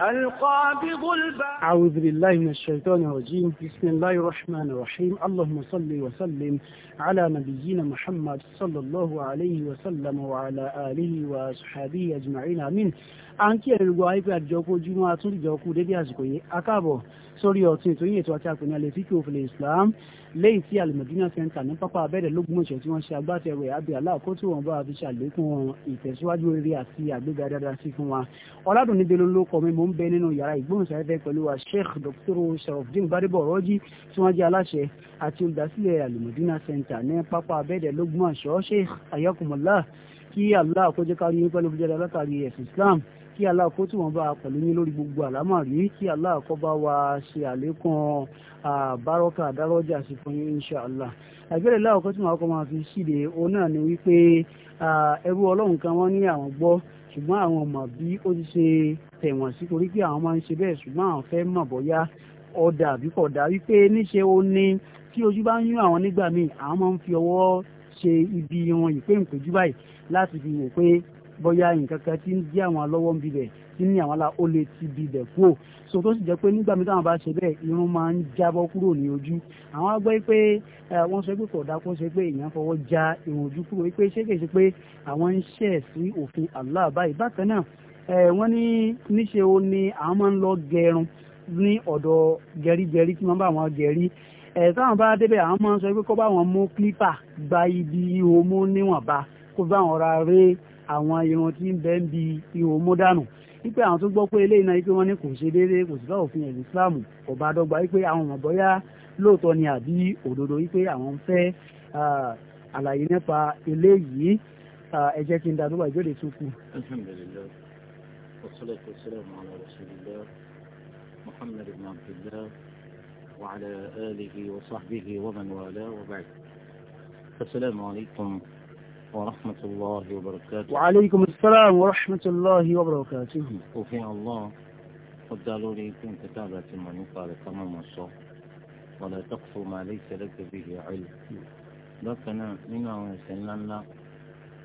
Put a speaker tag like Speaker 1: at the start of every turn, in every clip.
Speaker 1: القابض الباء أعوذ بالله من الشيطان الرجيم بسم الله الرحمن الرحيم اللهم صل وسلم على نبينا محمد صلى الله عليه وسلم وعلى آله وأصحابه أجمعين آمين àǹkí ẹ̀rọ gbọ́ àìpé àjọkú ojúmọ́ àtúndìjọkú dédé sórí ọtún ètò yìí ètò àti àpènì alẹ́ fíkì Islam lẹ́yìn tí alimadina center ní pápá abẹ́rẹ́ lógúnmọ̀ṣẹ́ tí wọ́n ṣe agbátẹrù ẹ̀ abẹ́ aláàkó tí wọ́n bá fi ṣàlékún ìtẹ̀síwájú eré àti àgbéga dáadáa sí fún wa ọ̀làdùn níbi ló kọ́ mi mò ń bẹ nínú yàrá ìgbóhùnsáfẹ́fẹ́ pẹ̀lú wa Sheikh Dr. Sharafdin Gbadebo Ọ̀rọ́jì tí wọ́n jẹ́ aláṣẹ àti olùdásílẹ̀ alimọ̀dínà center ní pápá abẹ́rẹ́ lógúnmọ̀ṣẹ́ Sheikh ayakumullah kí Allah àkójọkárí pẹ̀lú Islam kí Allah kó tún wọn bá pẹ̀lú yín lórí gbogbo àlámọ̀rí kí Allah kó bá wa ṣe àlékún àbárọ́kà àdárọ́jà sí fún yín insha Allah àgbẹ̀rẹ̀ láwùkọ́ tí màá kọ́ máa fi ṣíde òun náà ni wípé ẹrú ọlọ́run kan wọ́n ní àwọn gbọ́ ṣùgbọ́n àwọn mọ̀ bí ó ti ṣe tẹ̀wọ̀n sí torí pé àwọn máa ń ṣe bẹ́ẹ̀ ṣùgbọ́n àwọn fẹ́ mọ̀ bọ́yá ọ̀dà àbí kọ̀dà wípé níṣe ó ní tí ojú bá ń yún àwọn nígbà míì àwọn máa ń fi ọwọ́ ṣe ibi wọn ìpéǹpéjú báyìí láti fi wò pé bóyá nǹkan kan tí ń jẹ́ àwọn alọ́wọ́ ń bibẹ̀ tí ní àwọn alá ó lè ti bibẹ̀ kúrò so tó sì jẹ́ pé nígbà mìíràn bá ṣe bẹ́ẹ̀ irun máa ń jábọ́ kúrò ní ojú àwọn á gbọ́ pé wọ́n sọ pé kódà kó ṣe pé èèyàn fọwọ́ já irun ojú kúrò pé ṣé kìí ṣe pé àwọn ń ṣẹ̀ sí òfin Allah báyìí bákan náà wọ́n ní níṣe o ni àwọn máa ń lọ gẹrun ní ọ̀dọ̀ gẹrígẹrí tí wọ́n bá wọn gẹrí táwọn bá débẹ̀ àwọn máa ń sọ pé kó bá wọn mú clipper gba ibi ihò mú níwọ̀nba kó bá wọn ra ré àwọn irun tí ń bẹ́ ń bi ihò mọ́dánù wípé àwọn tó gbọ́ pé eléyìí náà wípé wọ́n ní kò ṣe déédéé kò sí bá òfin ẹ̀sìn Islam kò bá dọ́gba wípé àwọn ọmọ bọ́yá lóòótọ́ ni àbí òdodo wípé àwọn ń fẹ́ àlàyé nípa eléyìí ẹ kí n dàdúrà ìjọ́de tó kù.
Speaker 2: alhamdulillah wassalatu ورحمة الله وبركاته وعليكم السلام ورحمة الله وبركاته وفي الله قد لي في كتابة من يقال تمام الصح ولا تقف ما ليس لك به علم لكن من سلم لا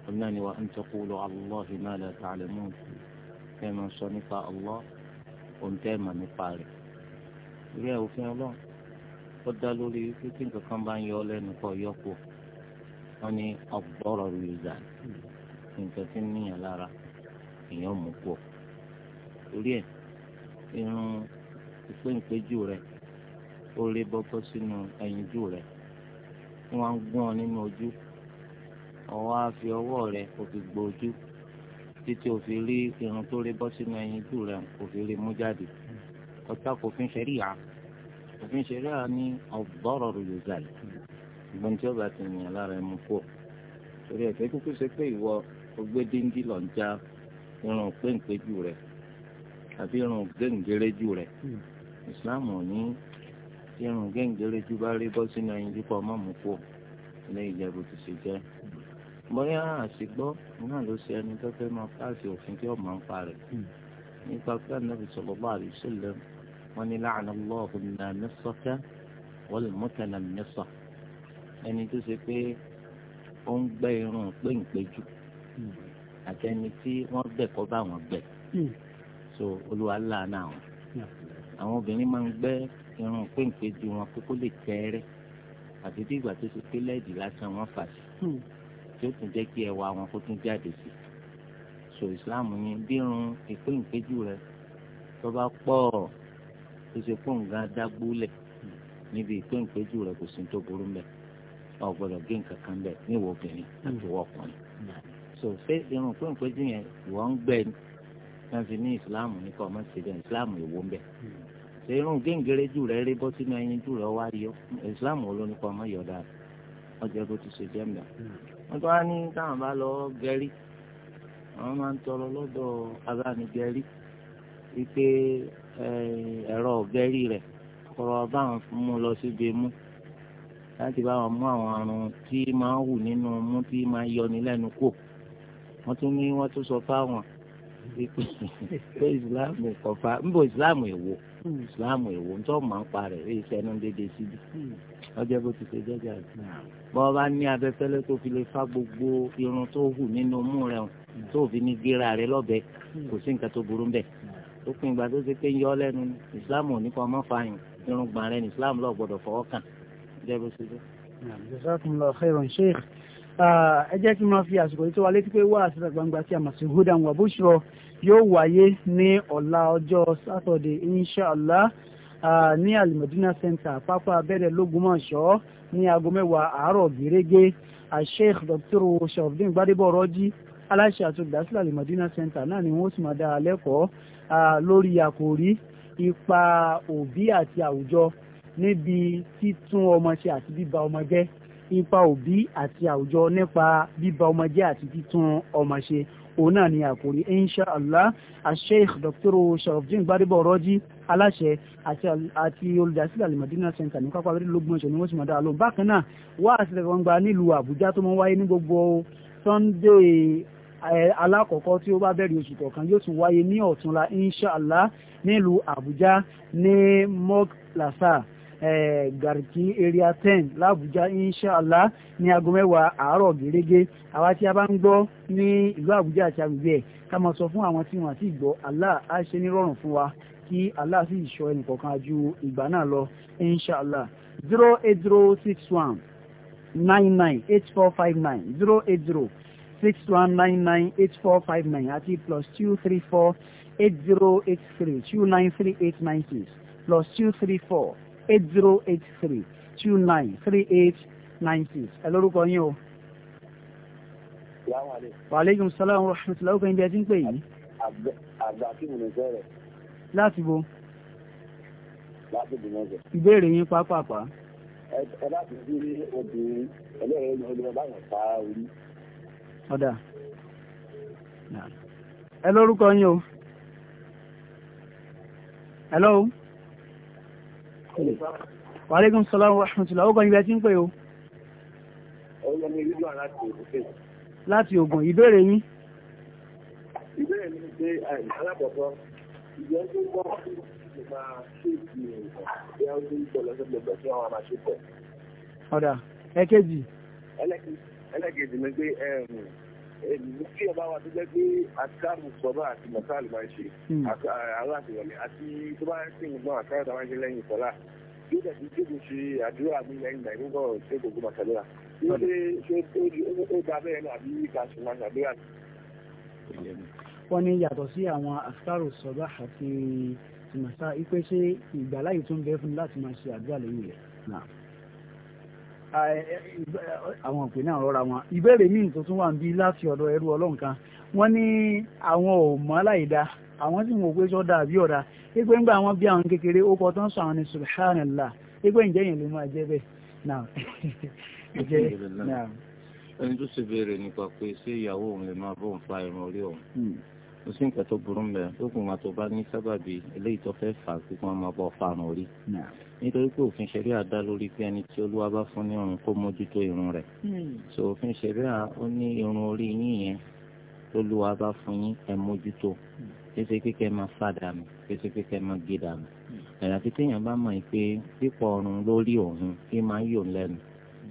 Speaker 2: قلناني وأن تقولوا على الله ما لا تعلمون كما صنف الله وانتما مقال يا وفي الله قد لي في كتابة من يقال تمام الصح wọn ní ọ̀pọ̀rọ̀ lùzà nǹkan tí ń níyàn lára èèyàn mú pọ̀ torí ẹ̀ irun ìpéǹpéjú rẹ ó lé bọ́bọ́ sínú ẹyinjú rẹ tí wọ́n ń gún ọ nínú ojú ọwọ́ á fi ọwọ́ rẹ kò fi gbó ojú títí o fi rí irun tó lé bọ́ sínú ẹyinjú rẹ kò fi rí mú jáde ọ̀tá kò fi ń ṣẹ̀ríyà òfin ṣẹ̀ríyà ní ọ̀gbọ́rọ̀ lùzà ṣùgbọ́n tí ọba ti yàn lára ẹ̀ mú kó torí ẹ̀fẹ́ kúkú ṣe pé ìwọ ogbé díngí lọ ń já irun péǹpéjú rẹ̀ àbí irun géǹgéréjú rẹ̀ Islam ò ní irun géǹgéréjú bá rí bọ́ sínú ẹyin dípọ̀ ọmọ mú kó ilé ìjẹ́bù ti ṣe jẹ́ bóyá àṣìgbọ́ náà ló ṣe ẹni tó fẹ́ máa pàṣẹ òfin tí ọmọ ń pa rẹ̀ nípa pé ànábì sallallahu alaihi wasallam wọn ni la'ana Allahu an-nasaka wal mutanannisa ẹni tó ṣe pé ó ń gbẹ́ irun péǹpéjú àti ẹni tí wọ́n gbẹ̀ kọ́ bá wọn gbẹ̀ so olúwa láàánú àwọn àwọn obìnrin máa ń gbẹ́ irun péǹpéjú wọn pé kó lè tẹ́ẹ́rẹ́ àti bí ìgbà tó ṣe pé lẹ́ẹ̀dì lásán wọn fà sí tí ó tún jẹ́ kí ẹwà wọn kó tún jáde sí so islam ní bí irun ìpéǹpéjú rẹ tó bá pọ̀ tó ṣe pọ̀ nǹkan dágbólẹ̀ níbi ìpéǹpéjú rẹ kò sí tó burú mẹ́ta ọ̀ gbọ́dọ̀ gé nǹkan kan bẹ̀ ní ìwọ obìnrin àti ìwọ ọkùnrin. so ṣé irun pé nǹkan dín yẹn ìwọ ń gbẹ ni wọ́n fi ní ìsìláàmù ní kọ́ ọmọ ṣẹlẹ̀ ìsìláàmù ìwọ ń bẹ̀. ṣé irun géńgéré jù rẹ rí bọ́ sínú ẹyin jù rẹ wá yọ ìsìláàmù wo ló ní kọ́ ọmọ yọ dáa ọjọ́ bó ti ṣe jẹ́ mi. wọ́n tó wá ní táwọn bá lọ gẹrí àwọn máa ń tọrọ lọ́dọ̀ abánigẹrí wípé ẹ̀rọ ọ̀gẹ́rì rẹ̀ kọ̀rọ̀ báwọn mú lọ síbi mú láti bá wọn mú àwọn àrùn tí máa ń hù nínú mú tí máa yọni lẹ́nu kò wọ́n tún ní wọ́n tún sọ fáwọn pé islam kò fa ń bọ̀ islam èwo islam èwo ń tọ́ máa ń parẹ̀ rí iṣẹ́ ẹnu déédéé síbi ọjọ́ bó ti ṣe jẹ́jà rẹ̀ bọ́ bá ní abẹ́fẹ́lẹ́ tó fi lè fa gbogbo irun tó hù nínú mú rẹ̀ tó fi ní gíra rẹ̀ lọ́bẹ̀ kò sí nǹkan tó burú bẹ́ẹ̀ ó pin ìgbà tó ṣe pé ń yọ lẹ́nu islam ò ní kọ́ ọmọ fààyàn irun gbọ̀n rẹ̀ ní islam lọ́ọ̀ gbọ́dọ̀ fọwọ́ kàn jẹ́bù síjú.
Speaker 1: jazakumullahu khairan sheikh ẹ jẹ́ kí n máa fi àsìkò yìí tó wa létí pé wá àṣìṣe gbangba tí a mọ̀ sí hudan wa bushra yóò wáyé ní ọ̀la ọjọ́ sátọ̀dẹ̀ inshallah ní alimadina center pápá abẹ́rẹ́ lógúnmọ̀ṣọ́ ní aago mẹ́wàá àárọ̀ gẹ́gẹ́ sheikh dr shafdin gbadebo rọ́jí aláṣẹ àti olùdásílẹ̀ alimadina center náà ni wọ́n sì máa dá a lẹ́kọ̀ọ́ lórí àkòrí ipa òbí àti àwùjọ níbi títún ọmọ ṣe àti bíba ọmọ jẹ́ ipa òbí àti àwùjọ nípa bíba ọmọ jẹ́ àti títún ọmọ ṣe òun náà ni àkòrí insha allah asheikh dr sharafdin gbadebo ọrọjí aláṣẹ àti olùdásílẹ̀ alimadina center ní pápá abẹ́rẹ́ lógún ọ̀sẹ̀ ni wọ́n sì máa dá a lóhùn bákan náà wá àtìlẹ̀ gbangba nílùú àbújá tó máa wáyé ní gbogbo sunday alákọ̀ọ́kọ́ tí ó bá bẹ̀rẹ̀ oṣù kọ̀ọ̀kan yóò tún wáyé ní ọ̀túnla insha allah nílùú àbújá ní mog plaza Eh, Garki area ten làbújá inshallah ní aago mẹ́wàá àárọ̀ gẹ́gẹ́ àwa tí a bá ń gbọ́ ní ìlú àbújá àti agbègbè ẹ̀ ká máa sọ fún àwọn tí wọ́n àti ìgbọ́ Allah á ṣe nírọ̀rùn fún wa kí Allah sì ṣọ́ ẹnìkọ̀ọ̀kan ju ìgbà náà lọ inshallah zero eight zero six one nine nine eight four five nine zero eight zero six one nine nine eight four five nine àti plus two three four eight zero eight three two nine three eight nine six plus two three four eight zero eight three two nine three eight nine six ẹ lórúkọ yín o. waaleykum salaam wa rahmatulah ọkọ ibi ẹ ti ń pè yìí.
Speaker 3: abdulhakeem ní sẹ́rẹ̀. láti bo. láti bìnnà jẹ.
Speaker 1: ìbéèrè yín pápápá.
Speaker 3: ẹ láti bí obìnrin ẹlẹ́rìí ni olùwẹ̀ báyọ̀ pa
Speaker 1: orí. ọ̀dà ẹ lórúkọ yín o. hello. Wàlégún Sọlọ́run Wàhùntúlá, ó gan ibẹ̀ tí ń pè o.
Speaker 3: Ọ̀yọ́ mi rí wà láti Ògùn.
Speaker 1: Láti Ògùn, ìbéèrè yín.
Speaker 3: Ìbéèrè mi ni pé alákọ̀ọ́kọ́, ìjọ tó gbọ́ nípa ṣéèkì nǹkan, bí a ń tó
Speaker 1: Ọ̀dà, ẹ̀kejì.
Speaker 3: Ẹlẹ́kejì ni pé ìlú tí ọba wa tó jẹ́ pé àtikáàbù sọ́bà àti mọ̀sáàlì máa ń ṣe àwọn hmm. àtìwọ̀lẹ̀ àti tó bá ń sìn gbọ́n àkáyọ̀ tó bá ń ṣe lẹ́yìn ìfọ́lá yóò dẹ̀ fi jókòó ṣe àdúrà mi lẹ́yìn náà ìgbọ́n ṣe gbogbo màṣàdúrà yóò dé ṣe ó da bẹ́ẹ̀ náà àbí ká ṣe màṣàdúrà.
Speaker 1: wọ́n ní yàtọ̀ sí àwọn àtikáàbù sọ́bà àti mọ̀sá ipe ṣe ìgbàláyè tó ń bẹ fún láti máa ṣe àdúrà lẹ́yìn rẹ̀ àwọn òpè náà rọra wọn ìbéèrè míì tó tún wà ń bí láti ọ̀dọ̀ ẹrú ọlọ́run kan wọ́n ní àwọn ò mọ̀ aláìda àwọn sì ń wò pé sọ́dà àbí ọ̀dà pípẹ́ ń gbà wọ́n bí àwọn kékeré ó kọ tán sọ àwọn ní subhanallah pípẹ́ ǹjẹ́ yẹn ló máa jẹ́ bẹ́ẹ̀ náà.
Speaker 2: ẹni tó ṣe béèrè nípa pé ṣé ìyàwó òun lè máa bóun fa irun orí òun hmm. ó sì ń kẹ́tọ́ burú mẹ́ lókun àtọ́ bá ní sábàbí eléyìí tó fẹ́ fà á sí kí wọ́n máa bọ́ fa irun orí nítorí pé òfin ṣẹ̀ríà dá lórí pé ẹni tí olúwa bá fún ní irun kó mójútó irun rẹ̀ hmm. so òfin ṣẹ̀ríà ó ní irun orí yín yẹn lólúwa bá fún yín ẹ mójútó hmm. kéṣe kékeré máa fà dànù kéṣe kékeré máa gé dànù ẹ̀rọ hmm. àti téèyàn bá mọ̀ pé pípọ̀ ọrùn lórí òun kí máa yọ̀ lẹ́nu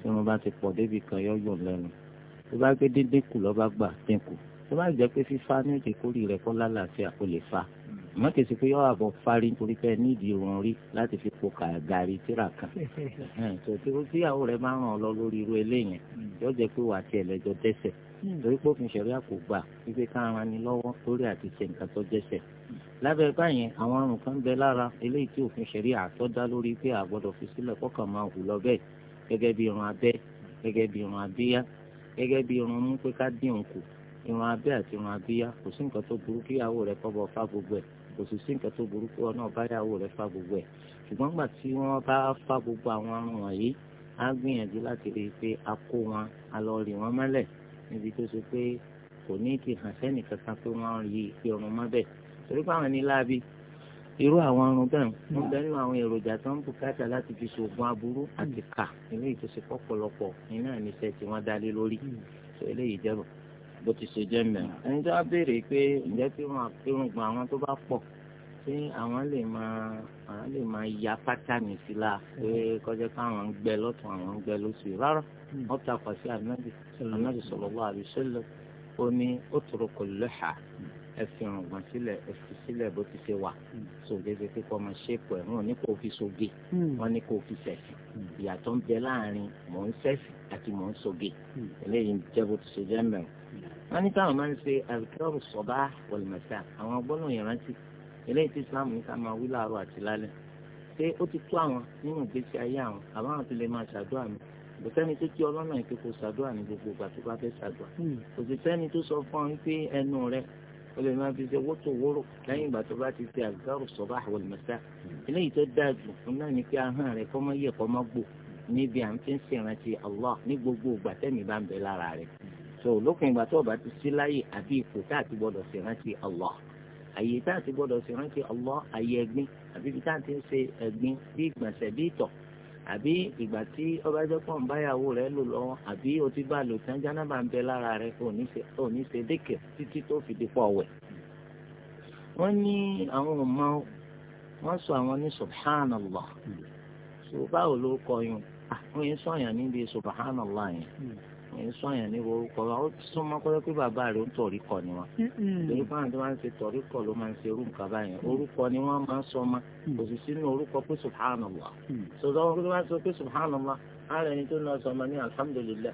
Speaker 2: tí wọ́n bá ti pọ̀ débi kan yọ̀ yọ̀ lẹ́nu tó bá gbé dídínkù lọ́ba gbà dínkù tó bá jẹ́ pé fífa ní òjèkórì rẹ̀ kọ́ lálàáfíà ó lè fa mọ́kèsí pé yọ̀wọ̀ àbọ̀ parí nítorí pé nídìí irun orí láti fi po gàrí tíra kan tòtí tíyàwó rẹ̀ máa ràn ọ́ lọ lórí irú eléyẹn yóò jẹ́ pé wà á tiẹ̀ lẹ́jọ́ dẹ́sẹ̀ hmm. torí pé òfin ṣẹ̀ríà kò gbà wípé ká ara ni lọ́wọ́ lórí àti ṣe nǹkan tó dẹ́sẹ̀ lábẹ́ báyẹn àwọn àrùn kan bẹ lára eléyìí tí òfin ṣẹ̀ríà àtọ́dá lórí pé a gbọ́dọ̀ fi sílẹ̀ kọ́kàn máa hù lọ bẹ́ẹ̀ gẹ́gẹ́ bí irun abẹ́ gẹ́gẹ́ bí irun abíyá gẹ́gẹ́ bí irun mú pé ká dín òun kù irun abẹ́ àti irun abíyá kò sí nǹkan tó burú kíyàwó rẹ̀ kọ́ bọ́ kò sì sí nǹkan tó burú pé ọ náà báyàwó rẹ fa gbogbo ẹ̀ ṣùgbọ́n gbà tí wọ́n bá fa gbogbo àwọn arùn wọ̀nyí á gbìyànjú láti rí i pé a kó wọn a lọ rì wọ́n mọ́lẹ̀ níbi tó ṣe pé kò ní ti hàn sẹ́nì kankan pé wọ́n rí i pé ọrùn mọ́ bẹ́ẹ̀ torí pé àwọn ní láabi irú àwọn arùn bẹ́ẹ̀ wọ́n bẹ́ẹ̀ nínú àwọn èròjà tó ń bùkátà láti fi ṣoògùn aburú àti kà eléyìí tó ṣe pọ̀ pọ̀lọpọ̀ nínú àníṣe tí wọ́n dá lé lórí eléyìí jẹ́rùn bó ti ṣe jẹ́ mẹ́rin. ẹni tó wá béèrè pé ǹjẹ́ tí wọ́n akérògbọ̀n àwọn tó bá pọ̀ ṣé àwọn lè máa àwọn lè máa ya pátá mi sí la pé kọjá káwọn ń gbẹ lọ́tún àwọn ń gbẹ lóṣù rárá wọ́n ta pàṣẹ ànábì ànábì sallallahu alaihi wasallam ó ní ó tòrò kò lẹ́hàá ẹ fi ọ̀rùngbọ̀n sílẹ̀ ẹ fi sílẹ̀ bó ti ṣe wà sògèdè pípọ̀ ọmọ ṣépò ẹ̀ wọn ní kò fi soge hmm. wọn ní kò fi sẹ̀sì hmm. ìyàtọ̀ ń bẹ láàrin mò ń sẹ̀sì àti mò ń soge hmm. eléyìí jẹ́ bó ti ṣe jẹ́ mẹ́rin. wọ́n ní káwọn máa ń ṣe àlùkò sọ̀bá wọ̀lùmọ̀sá àwọn gbọ́dọ̀ ìrántí eléyìí tí Islam ní ká máa wí láàárọ̀ àti lálẹ́ pé ó ti tó àwọn nínú ìgbésí ayé àwọn àbáwọn tó lè máa ṣàdúrà mi òsẹ́ni tó kí ọlọ́nà ìpè ṣàdúrà ní gbogbo ìgbà tó bá fẹ́ ṣàdúrà òsìsẹ́ni tó sọ fún ọ wípé ẹnu rẹ o lè máa fi ṣe wótòwóró lẹ́yìn ìgbà tó bá ti ṣe àgbàrò sọ̀bà wal masa eléyìí tó dáa jù fún náà ni kí ahọ́n rẹ̀ kọ́ mọ́ yẹ̀ kọ́ mọ́ gbò níbi à ń fi ń ṣèrántí Allah ní gbogbo ìgbà tẹ́mi bá ń bẹ lára rẹ̀ so lópin ìgbà tó bá ti sí láyè àbí ipò tá a ti gbọ́dọ̀ ṣèrántí Allah àyè tá a ti gbọ́dọ̀ ṣèrántí Allah àyè ẹ̀gbin àbí ibi tá a ti ń ṣe ẹ̀gbin bí ìgbọ̀nsẹ̀ bí ìtọ̀ àbí ìgbà tí ọba jẹ́ pọ̀ ń báyàwó rẹ lò àbí o ti bá lò tán jánábà ń bẹ lára rẹ ò ní ṣe dékè títí tó fi di pọ̀ wẹ̀. wọ́n ní àwọn ọmọ wọn sọ àwọn ní subhanallah ṣùgbọ́n hmm. báwo ló kọ àwọn ah, yẹn hmm. ń sọyàn ní orúkọ wa ó súnmọ́ kọ́jọ́ pé bàbá rẹ̀ ń tọ̀rí kọ ni wọn torí fáwọn tó máa ń ṣe tọ̀rí kọ ló máa ń ṣe irú nǹkan báyẹn orúkọ ni wọ́n máa ń sọ ma mm. kò sì sínú orúkọ pé subhanallah mm. sọ̀tọ̀ wọn kó sọ pé subhanallah ààrẹ ni tó ń lọ sọmọ ní alhamdulillah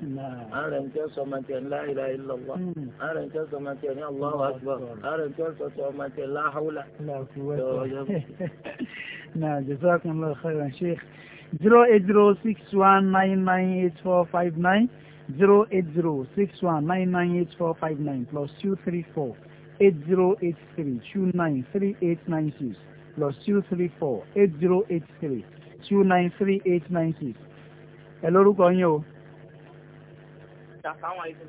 Speaker 2: ààrẹ ni tó ń sọmọ tiẹ̀ la ilaha illallah ààrẹ mm. ni tó ń sọmọ tiẹ̀ ní allahu akbar ààrẹ ni tó ń sọmọ tiẹ̀ la
Speaker 1: náà jazakumullahu khairan zero eight zero six one nine nine eight four five nine zero eight zero six one nine nine eight four five nine plus two three four eight zero eight three two nine three eight nine six plus two three four eight zero eight three two nine three eight nine six. ẹ lórúkọ yín o.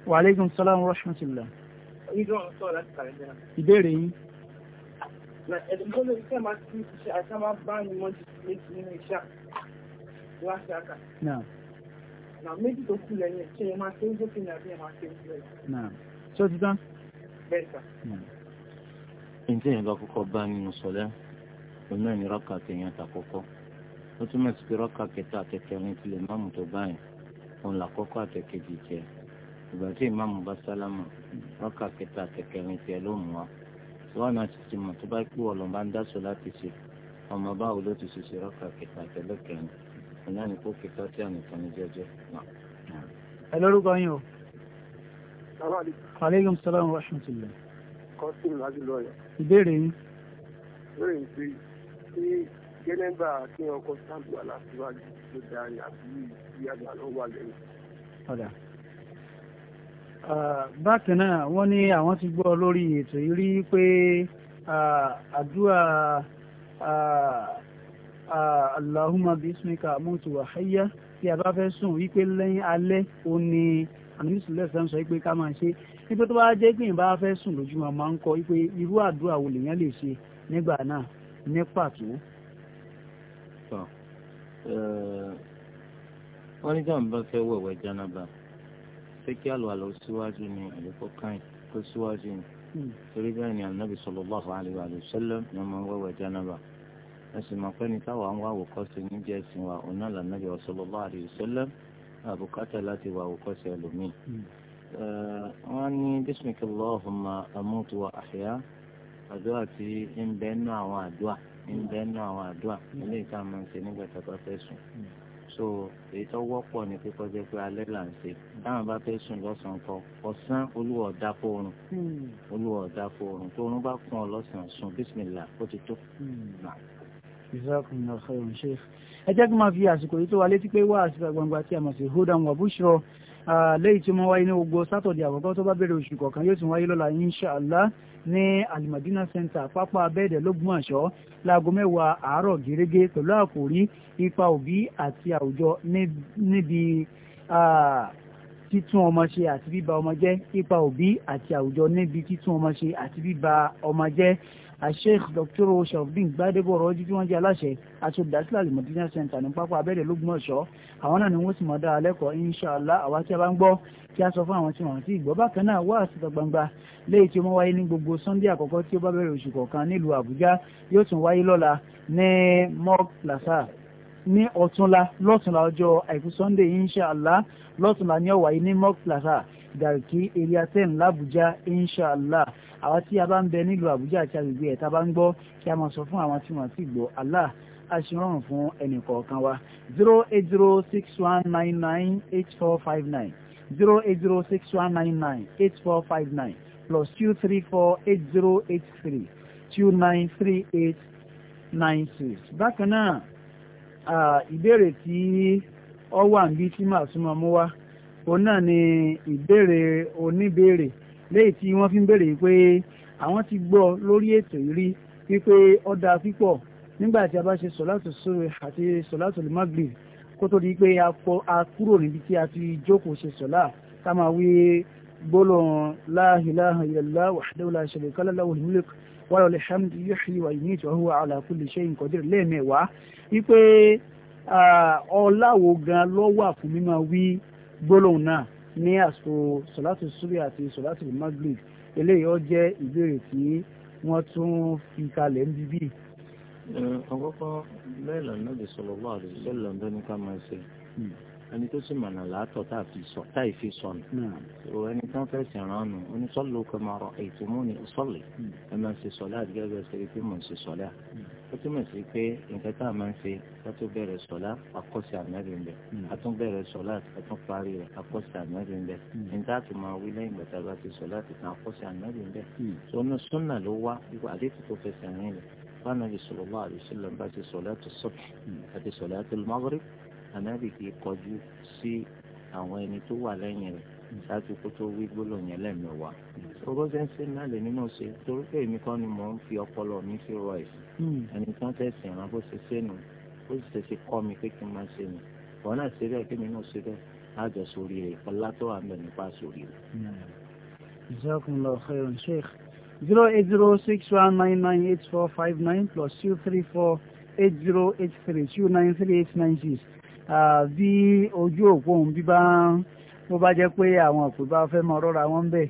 Speaker 1: wa aleykum salaam wa rahmatulah. ìbéèrè yín ìgbọ́lẹ̀ iṣẹ́ máa ti ṣe àṣà máa bá ní mọ́ ti ṣe iṣẹ́ wá ṣe àkà náà méjì tó kú lẹ́yìn ṣe é máa ṣe é jókè ní àbí
Speaker 3: ẹ̀ máa ṣe é jù ẹ̀. ṣé o ti tán. bẹ́ẹ̀ sà.
Speaker 2: ǹjẹ́ yẹn bá kọ́kọ́ bá nínú sọ̀lẹ́ òun náà ní rákà kẹyìn àtàkọ́kọ́ ó túmọ̀ sí pé rákà kẹta àtẹkẹrin tilẹ̀ máàmù tó báyìí òun làkọ́kọ́ àtẹkẹjì jẹ ìgbà tí ìmáàmù bá sálámà rákà kẹta àtẹkẹrin tiẹ̀ ló mú wa wọn náà ti ti mọ̀ tó bá kú ọ̀lọ́ bá ń dá sọ láti ṣe ọmọ báwo ló ti ṣe ṣe rákà kẹta àtẹlẹ́kẹrin iná ni kò fi sátí àmì kan ní jẹ́jẹ́
Speaker 1: ẹ lórúkọ yín o. aleykum salaam wa rahmatulah.
Speaker 2: kọ́sìn lájú lọ́yọ̀.
Speaker 1: ìbéèrè yín.
Speaker 3: ìbéèrè yín pé ṣé jẹ́nẹ́bà kí wọn kọ́ sáàbù aláṣíwájú ló darí àbí ìyàgbà ló wà lẹ́yìn.
Speaker 1: ọ̀dà bákan náà wọ́n ní àwọn ti gbọ́ lórí ètò yìí rí pé àdúrà Ah, allahumma bismika amutu wa hayya tí a bá fẹ́ sùn wípé lẹ́yìn alẹ́ ó ní àníṣe lẹ́sẹ̀ sọ wípé ká máa ṣe wípé tó bá jẹ́ pé ìbá fẹ́ sùn lójúmọ́ máa ń kọ wípé irú àdúrà wo lèèyàn lè ṣe nígbà náà ní pàtó. Eh,
Speaker 2: wọ́n ní táwọn bá fẹ́ wẹ̀wẹ̀ jánábà pé kí àlọ́ àlọ́ síwájú ni àlékọ́ káyìn kó síwájú ni hmm. torí bẹ́ẹ̀ ni ànábì sallallahu alaihi wa sallam ẹ̀sìn mọ̀ pé ní táwa ń wá àwòkọ́ṣe níjẹ́ ẹ̀sìn wa òun náà lànà yọ sallallahu alaihi wasallam àbùkátà láti wá àwòkọ́ṣe ẹlòmíì. Hmm. wọ́n ní bísímìkì lọ́ọ̀hùnmá amútu wa àṣeyá àdúrà tí ń bẹ́ nú àwọn àdúrà ń bẹ́ nú àwọn àdúrà ilé ìta máa ń ṣe nígbà tá a bá fẹ́ sùn. Hmm. so èyí tó wọ́pọ̀ ni pé kọjá pé alẹ́ là ń ṣe táwọn bá fẹ́ sùn lọ́sàn-án kọ ọ̀sán olúwa
Speaker 1: jazakumullahu khairan sheikh ẹ jẹ́ kí n máa fi àsìkò yìí tó wa létí pé wá àsìkò gbangba tí a mọ̀ sí hudan wa bushra lẹ́yìn tí wọ́n wáyé ní gbogbo sátọ̀dẹ̀ àkọ́kọ́ tó bá bẹ̀rẹ̀ oṣù kọ̀ọ̀kan yóò tún wáyé lọ́la inshàlá ní alimadina center pápá abẹ́ẹ̀dẹ̀ lọ́gbọ̀nsọ̀ láago mẹ́wàá àárọ̀ gẹ́gẹ́ pẹ̀lú àkòrí ipa òbí àti àwùjọ níbi títún ọmọ ṣe àti bíba ọmọ jẹ́ ipa òbí àti àwùjọ níbi títún ọmọ ṣe àti bíba ọmọ jẹ́ asheikh dr sharafdin gbadebo ọrọjú tí wọ́n jẹ́ aláṣẹ àti olùdásílẹ̀ alimọdúnjá center ní pápá abẹ́rẹ́ lógúnmọ̀ṣọ́ àwọn náà ni wọ́n sì mọ̀ dára lẹ́kọ̀ọ́ inshàlá àwa tí a bá ń gbọ́ kí a sọ fún àwọn tí wọ́n ti gbọ́ bákan náà wá àsìkò gbangba léyìí tí ó máa wáyé ní gbogbo sunday àkọ́kọ́ tí ó bá bẹ̀rẹ̀ oṣù kọ̀ọ̀kan nílùú àbújá yóò tún wáyé lọ́la ní mok plaza ní ọ̀túnla lọ́túnla ọjọ́ àìkú sunday inshàlá lọ́túnla ní ó ní mok plaza dàrkí area ten làbújá inshàlá àwa tí a bá ń bẹ nílùú àbújá àti agbègbè ẹ̀ bá ń gbọ́ kí a máa sọ fún àwọn tí wọ́n ti gbọ́ allah aṣèrànràn fún ẹnì kọ̀ọ̀kan wa zero eight zero six one nine nine eight four five nine zero eight zero six one nine nine eight four five nine plus two three four eight zero eight three two nine three eight nine six. bákan náà ìbéèrè tí ọ wà níbi tí màá súnmọ́ mú wá òun náà ni ìbéèrè oníbéèrè léyìí tí wọ́n fi ń béèrè pé àwọn ti gbọ́ lórí ètò yìí rí wípé ó dáa pípọ̀ nígbà tí a bá ṣe sọ̀látò sórí àti sọ̀látò lè má gbè kó tó di pé a kúrò níbi tí a ti jókòó ṣe sọ̀lá ká máa wí gbólóhùn la ilaha illallah wahdahu la sharika lahu lahul mulk wa lahul hamdu yuhyi wa yumiitu wa huwa wípé ọláwo gan ló wà wí gbólóhùn náà ní àsìkò sọ̀látù súbì àti sọ̀látù magrib eléyìí ó jẹ́ ìbéèrè tí wọ́n tún fi kalẹ̀ ń bíbí.
Speaker 2: ọ̀kọ́kọ́ bẹ́ẹ̀ lọ́nà ìbísọ̀rọ̀ wà lóṣèlú lọ́nà ní ká máa ṣe hmm ẹni tó sì mọ̀nà látọ̀ tá a fi sọnù o ẹni tó ń fẹ́ sìn ránu onísọ́lù kọmọrọ ètò mú ni sọ́lì ẹ máa ń ṣe sọ́lá àdìgẹ́gẹ́ ṣe pé mò ń ṣe sọ́lá hmm. ó túmọ̀ sí pé nǹkan tá a máa ń ṣe ká tó bẹ̀rẹ̀ sọ́lá àkọ́sí ànábì ń bẹ̀ hmm. a tún bẹ̀rẹ̀ sọ́lá a tún parí rẹ̀ àkọ́sí ànábì ń bẹ̀ hmm. níta tó máa wí lẹ́yìn anábì kì í kọjú sí àwọn ẹni tó wà lẹ́yìn rẹ̀ ṣáájú kó tó wí gbólóhùn yẹn lẹ́mẹ̀wá. owó sẹ́ńsẹ́ náà lè nínú ṣe torí pé èmi kan ni mò ń fi ọpọlọ mi fi rọ
Speaker 4: ẹ̀sìn.
Speaker 2: ẹni kan tẹ̀sí ìran bó ṣe ṣe nù ó sì tẹ̀sí kọ́ mi pé kí n máa ṣe nù. wọn náà ṣe bẹ́ẹ̀ kí mi náà ṣe bẹ́ẹ̀ láàjọ sórí rẹ̀ ọlá tó wà mẹ́rin nípa sórí rẹ̀.
Speaker 1: jazakumullahu khairan sheikh zero eight zero six one nine nine eight four five nine plus two three four eight zero eight three two nine three eight nine six bí ojú òpó òun bí bá bó bá jẹ́ pé àwọn òpè bá fẹ́ máa rọra wọn bẹ́ẹ̀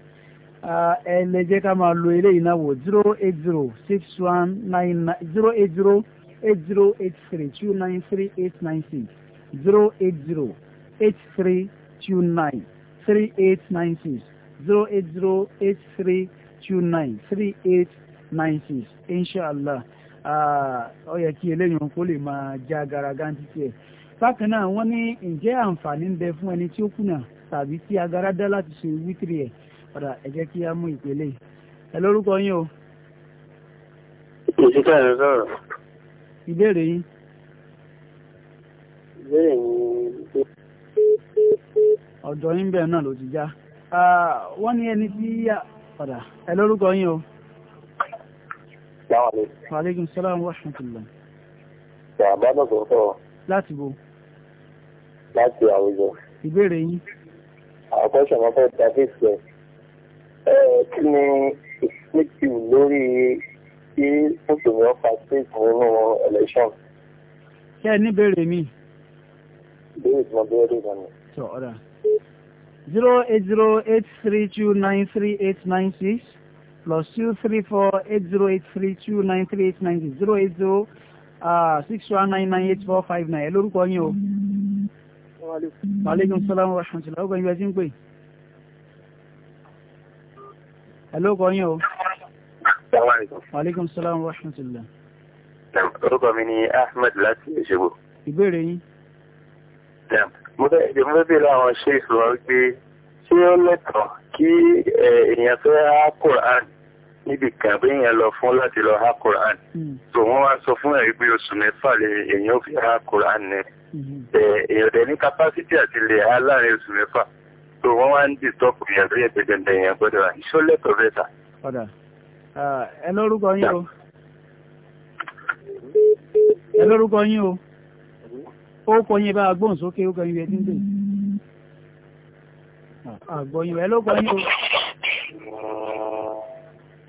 Speaker 1: ẹ lè jẹ́ ká máa lo eléyìí náà wò zero eight zero six one nine nine zero eight zero eight zero eight three two nine three eight nine six zero eight zero eight three two nine three eight nine six zero eight zero eight three two nine three eight nine six inshallah ó yẹ kí eléyìí kó lè máa já garaga títí ẹ̀ bákan náà wọ́n ní ǹjẹ́ àǹfààní ń bẹ fún ẹni tí ó kùnà tàbí tí agara dá láti ṣe wítìrì ẹ̀ padà ẹ jẹ́ kí á mú ìpele ẹ lórúkọ yín o.
Speaker 3: òṣìṣẹ́ ẹ̀rọ sọ̀rọ̀.
Speaker 1: ìbéèrè yín. ìbéèrè mi. ọ̀dọ̀ yín bẹ́ẹ̀ náà ló ti já wọ́n ní ẹni tí padà ẹ lórúkọ yín o. Wa alaikum salaam wa rahmatullah. Bàbá sọ̀rọ̀. Láti bo
Speaker 3: láti àwùjọ. ìbéèrè yín. àkọ́ṣe àwọn fẹ́ da fèsì ẹ̀. ẹ kí ni ìsìnkú lórí tí mùsùlùmí ọ̀fà ṣèkù nínú election.
Speaker 1: ṣé ẹ ní béèrè mi.
Speaker 3: béèrè tí mo béèrè ìdáná.
Speaker 1: sọ ọ̀dà. zero eight zero eight three two nine three eight nine six plus two three four eight zero eight three two nine three eight nine zero eight zero ah, six one nine nine eight four five nine lórúkọ yín o alaikum. aleykum salaam wa rahmatulah ó gbẹ̀yìn bẹ́ẹ̀ tí ń pè. ẹ ló kọ́ yín o. aleykum salaam wa rahmatulah.
Speaker 3: orúkọ mi ni ahmed láti Òṣogbo. ìbéèrè yín. mo fẹ́ mo fẹ́ bèèrè àwọn ṣéèkì wa wípé ṣé ó lẹ́tọ̀ọ́ kí eh, èèyàn fẹ́ á Kùránì níbi kàbí yẹn lọ fún láti lọ ha quran tó hmm. wọn wá sọ fún ẹ̀rí pé oṣù mẹ́fà lè èèyàn fi ha quran ni hmm. èèyàn ní capacity àti lè ha láàrin oṣù mẹ́fà tó wọn wá ń dì tọ́pù yẹn lórí yẹn ọ̀dà
Speaker 1: ẹ lórúkọ yín o ẹ lórúkọ yín o ó kọ yín bá ó kọ yín bí ẹ ti ń àgbọ̀yìn ẹ lórúkọ yín o.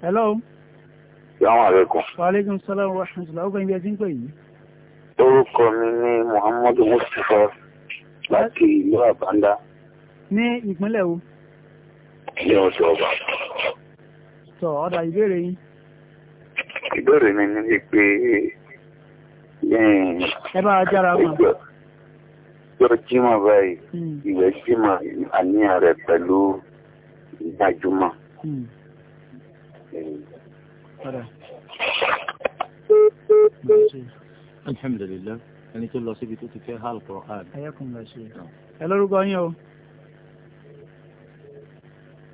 Speaker 1: hello. Assalamu alaikum. Wa alaikum salaam wa rahmatullahi ọgbọ̀n ibi ẹ̀sìn pè yìí. Orúkọ mi ni Muhammadu
Speaker 3: Mustapha láti ìlú Àbándá.
Speaker 1: Ní ìpínlẹ̀ wo?
Speaker 3: Ní ọ̀sẹ̀ ọba.
Speaker 1: Sọ ọ̀dà ìbéèrè yín.
Speaker 3: Ìbéèrè mi ni pé
Speaker 1: ẹ bá jára mọ̀.
Speaker 3: Ìjọ Jímọ̀ báyìí, hmm. ìwẹ̀ Jímọ̀ àníyàn rẹ̀ pẹ̀lú
Speaker 4: ìdájúmọ̀.
Speaker 2: Hmm alhamdulilayi ẹni tó lọ síbi tó ti fẹ́ hàl kọ̀ọ̀kan. ayẹ́kùn lọ sí ẹ lórúkọ yín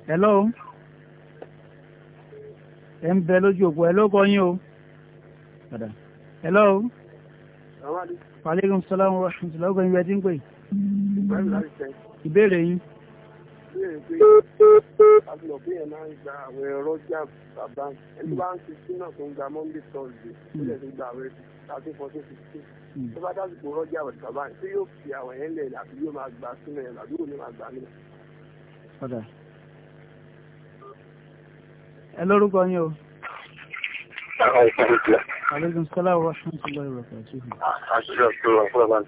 Speaker 1: hello ẹ ń bẹ lójú òpó ẹ hello. wàhálà. wàhálà ìgbìmọ̀ sọ́lá wọn rọ̀ ṣùgbọ́n ìgbà tí ń pè. ìbéèrè yín
Speaker 3: béèrè
Speaker 4: pé
Speaker 3: àbúrò bí yẹn máa ń gba àwọn ẹ̀rọ jà bàbá ẹni bá ń fi sínà tó ń gba monday thursday ó lè fi gba àwọn thirty fourteen fifteen tó bá dásìkò rọ́jà àwọn bàbá yẹn tí yóò fi àwọn yẹn lẹ̀ àbí yóò máa gba sínà yẹn àbí yóò ní máa gba nílẹ̀.
Speaker 2: ọ̀dà
Speaker 1: ẹ lórúkọ yín o. Àlejò Sọ́lá wa fún ìṣúná ìrọ̀kọ̀ àti ìfún.
Speaker 3: Àṣìṣe ọ̀ṣọ́ àfúrà bá ń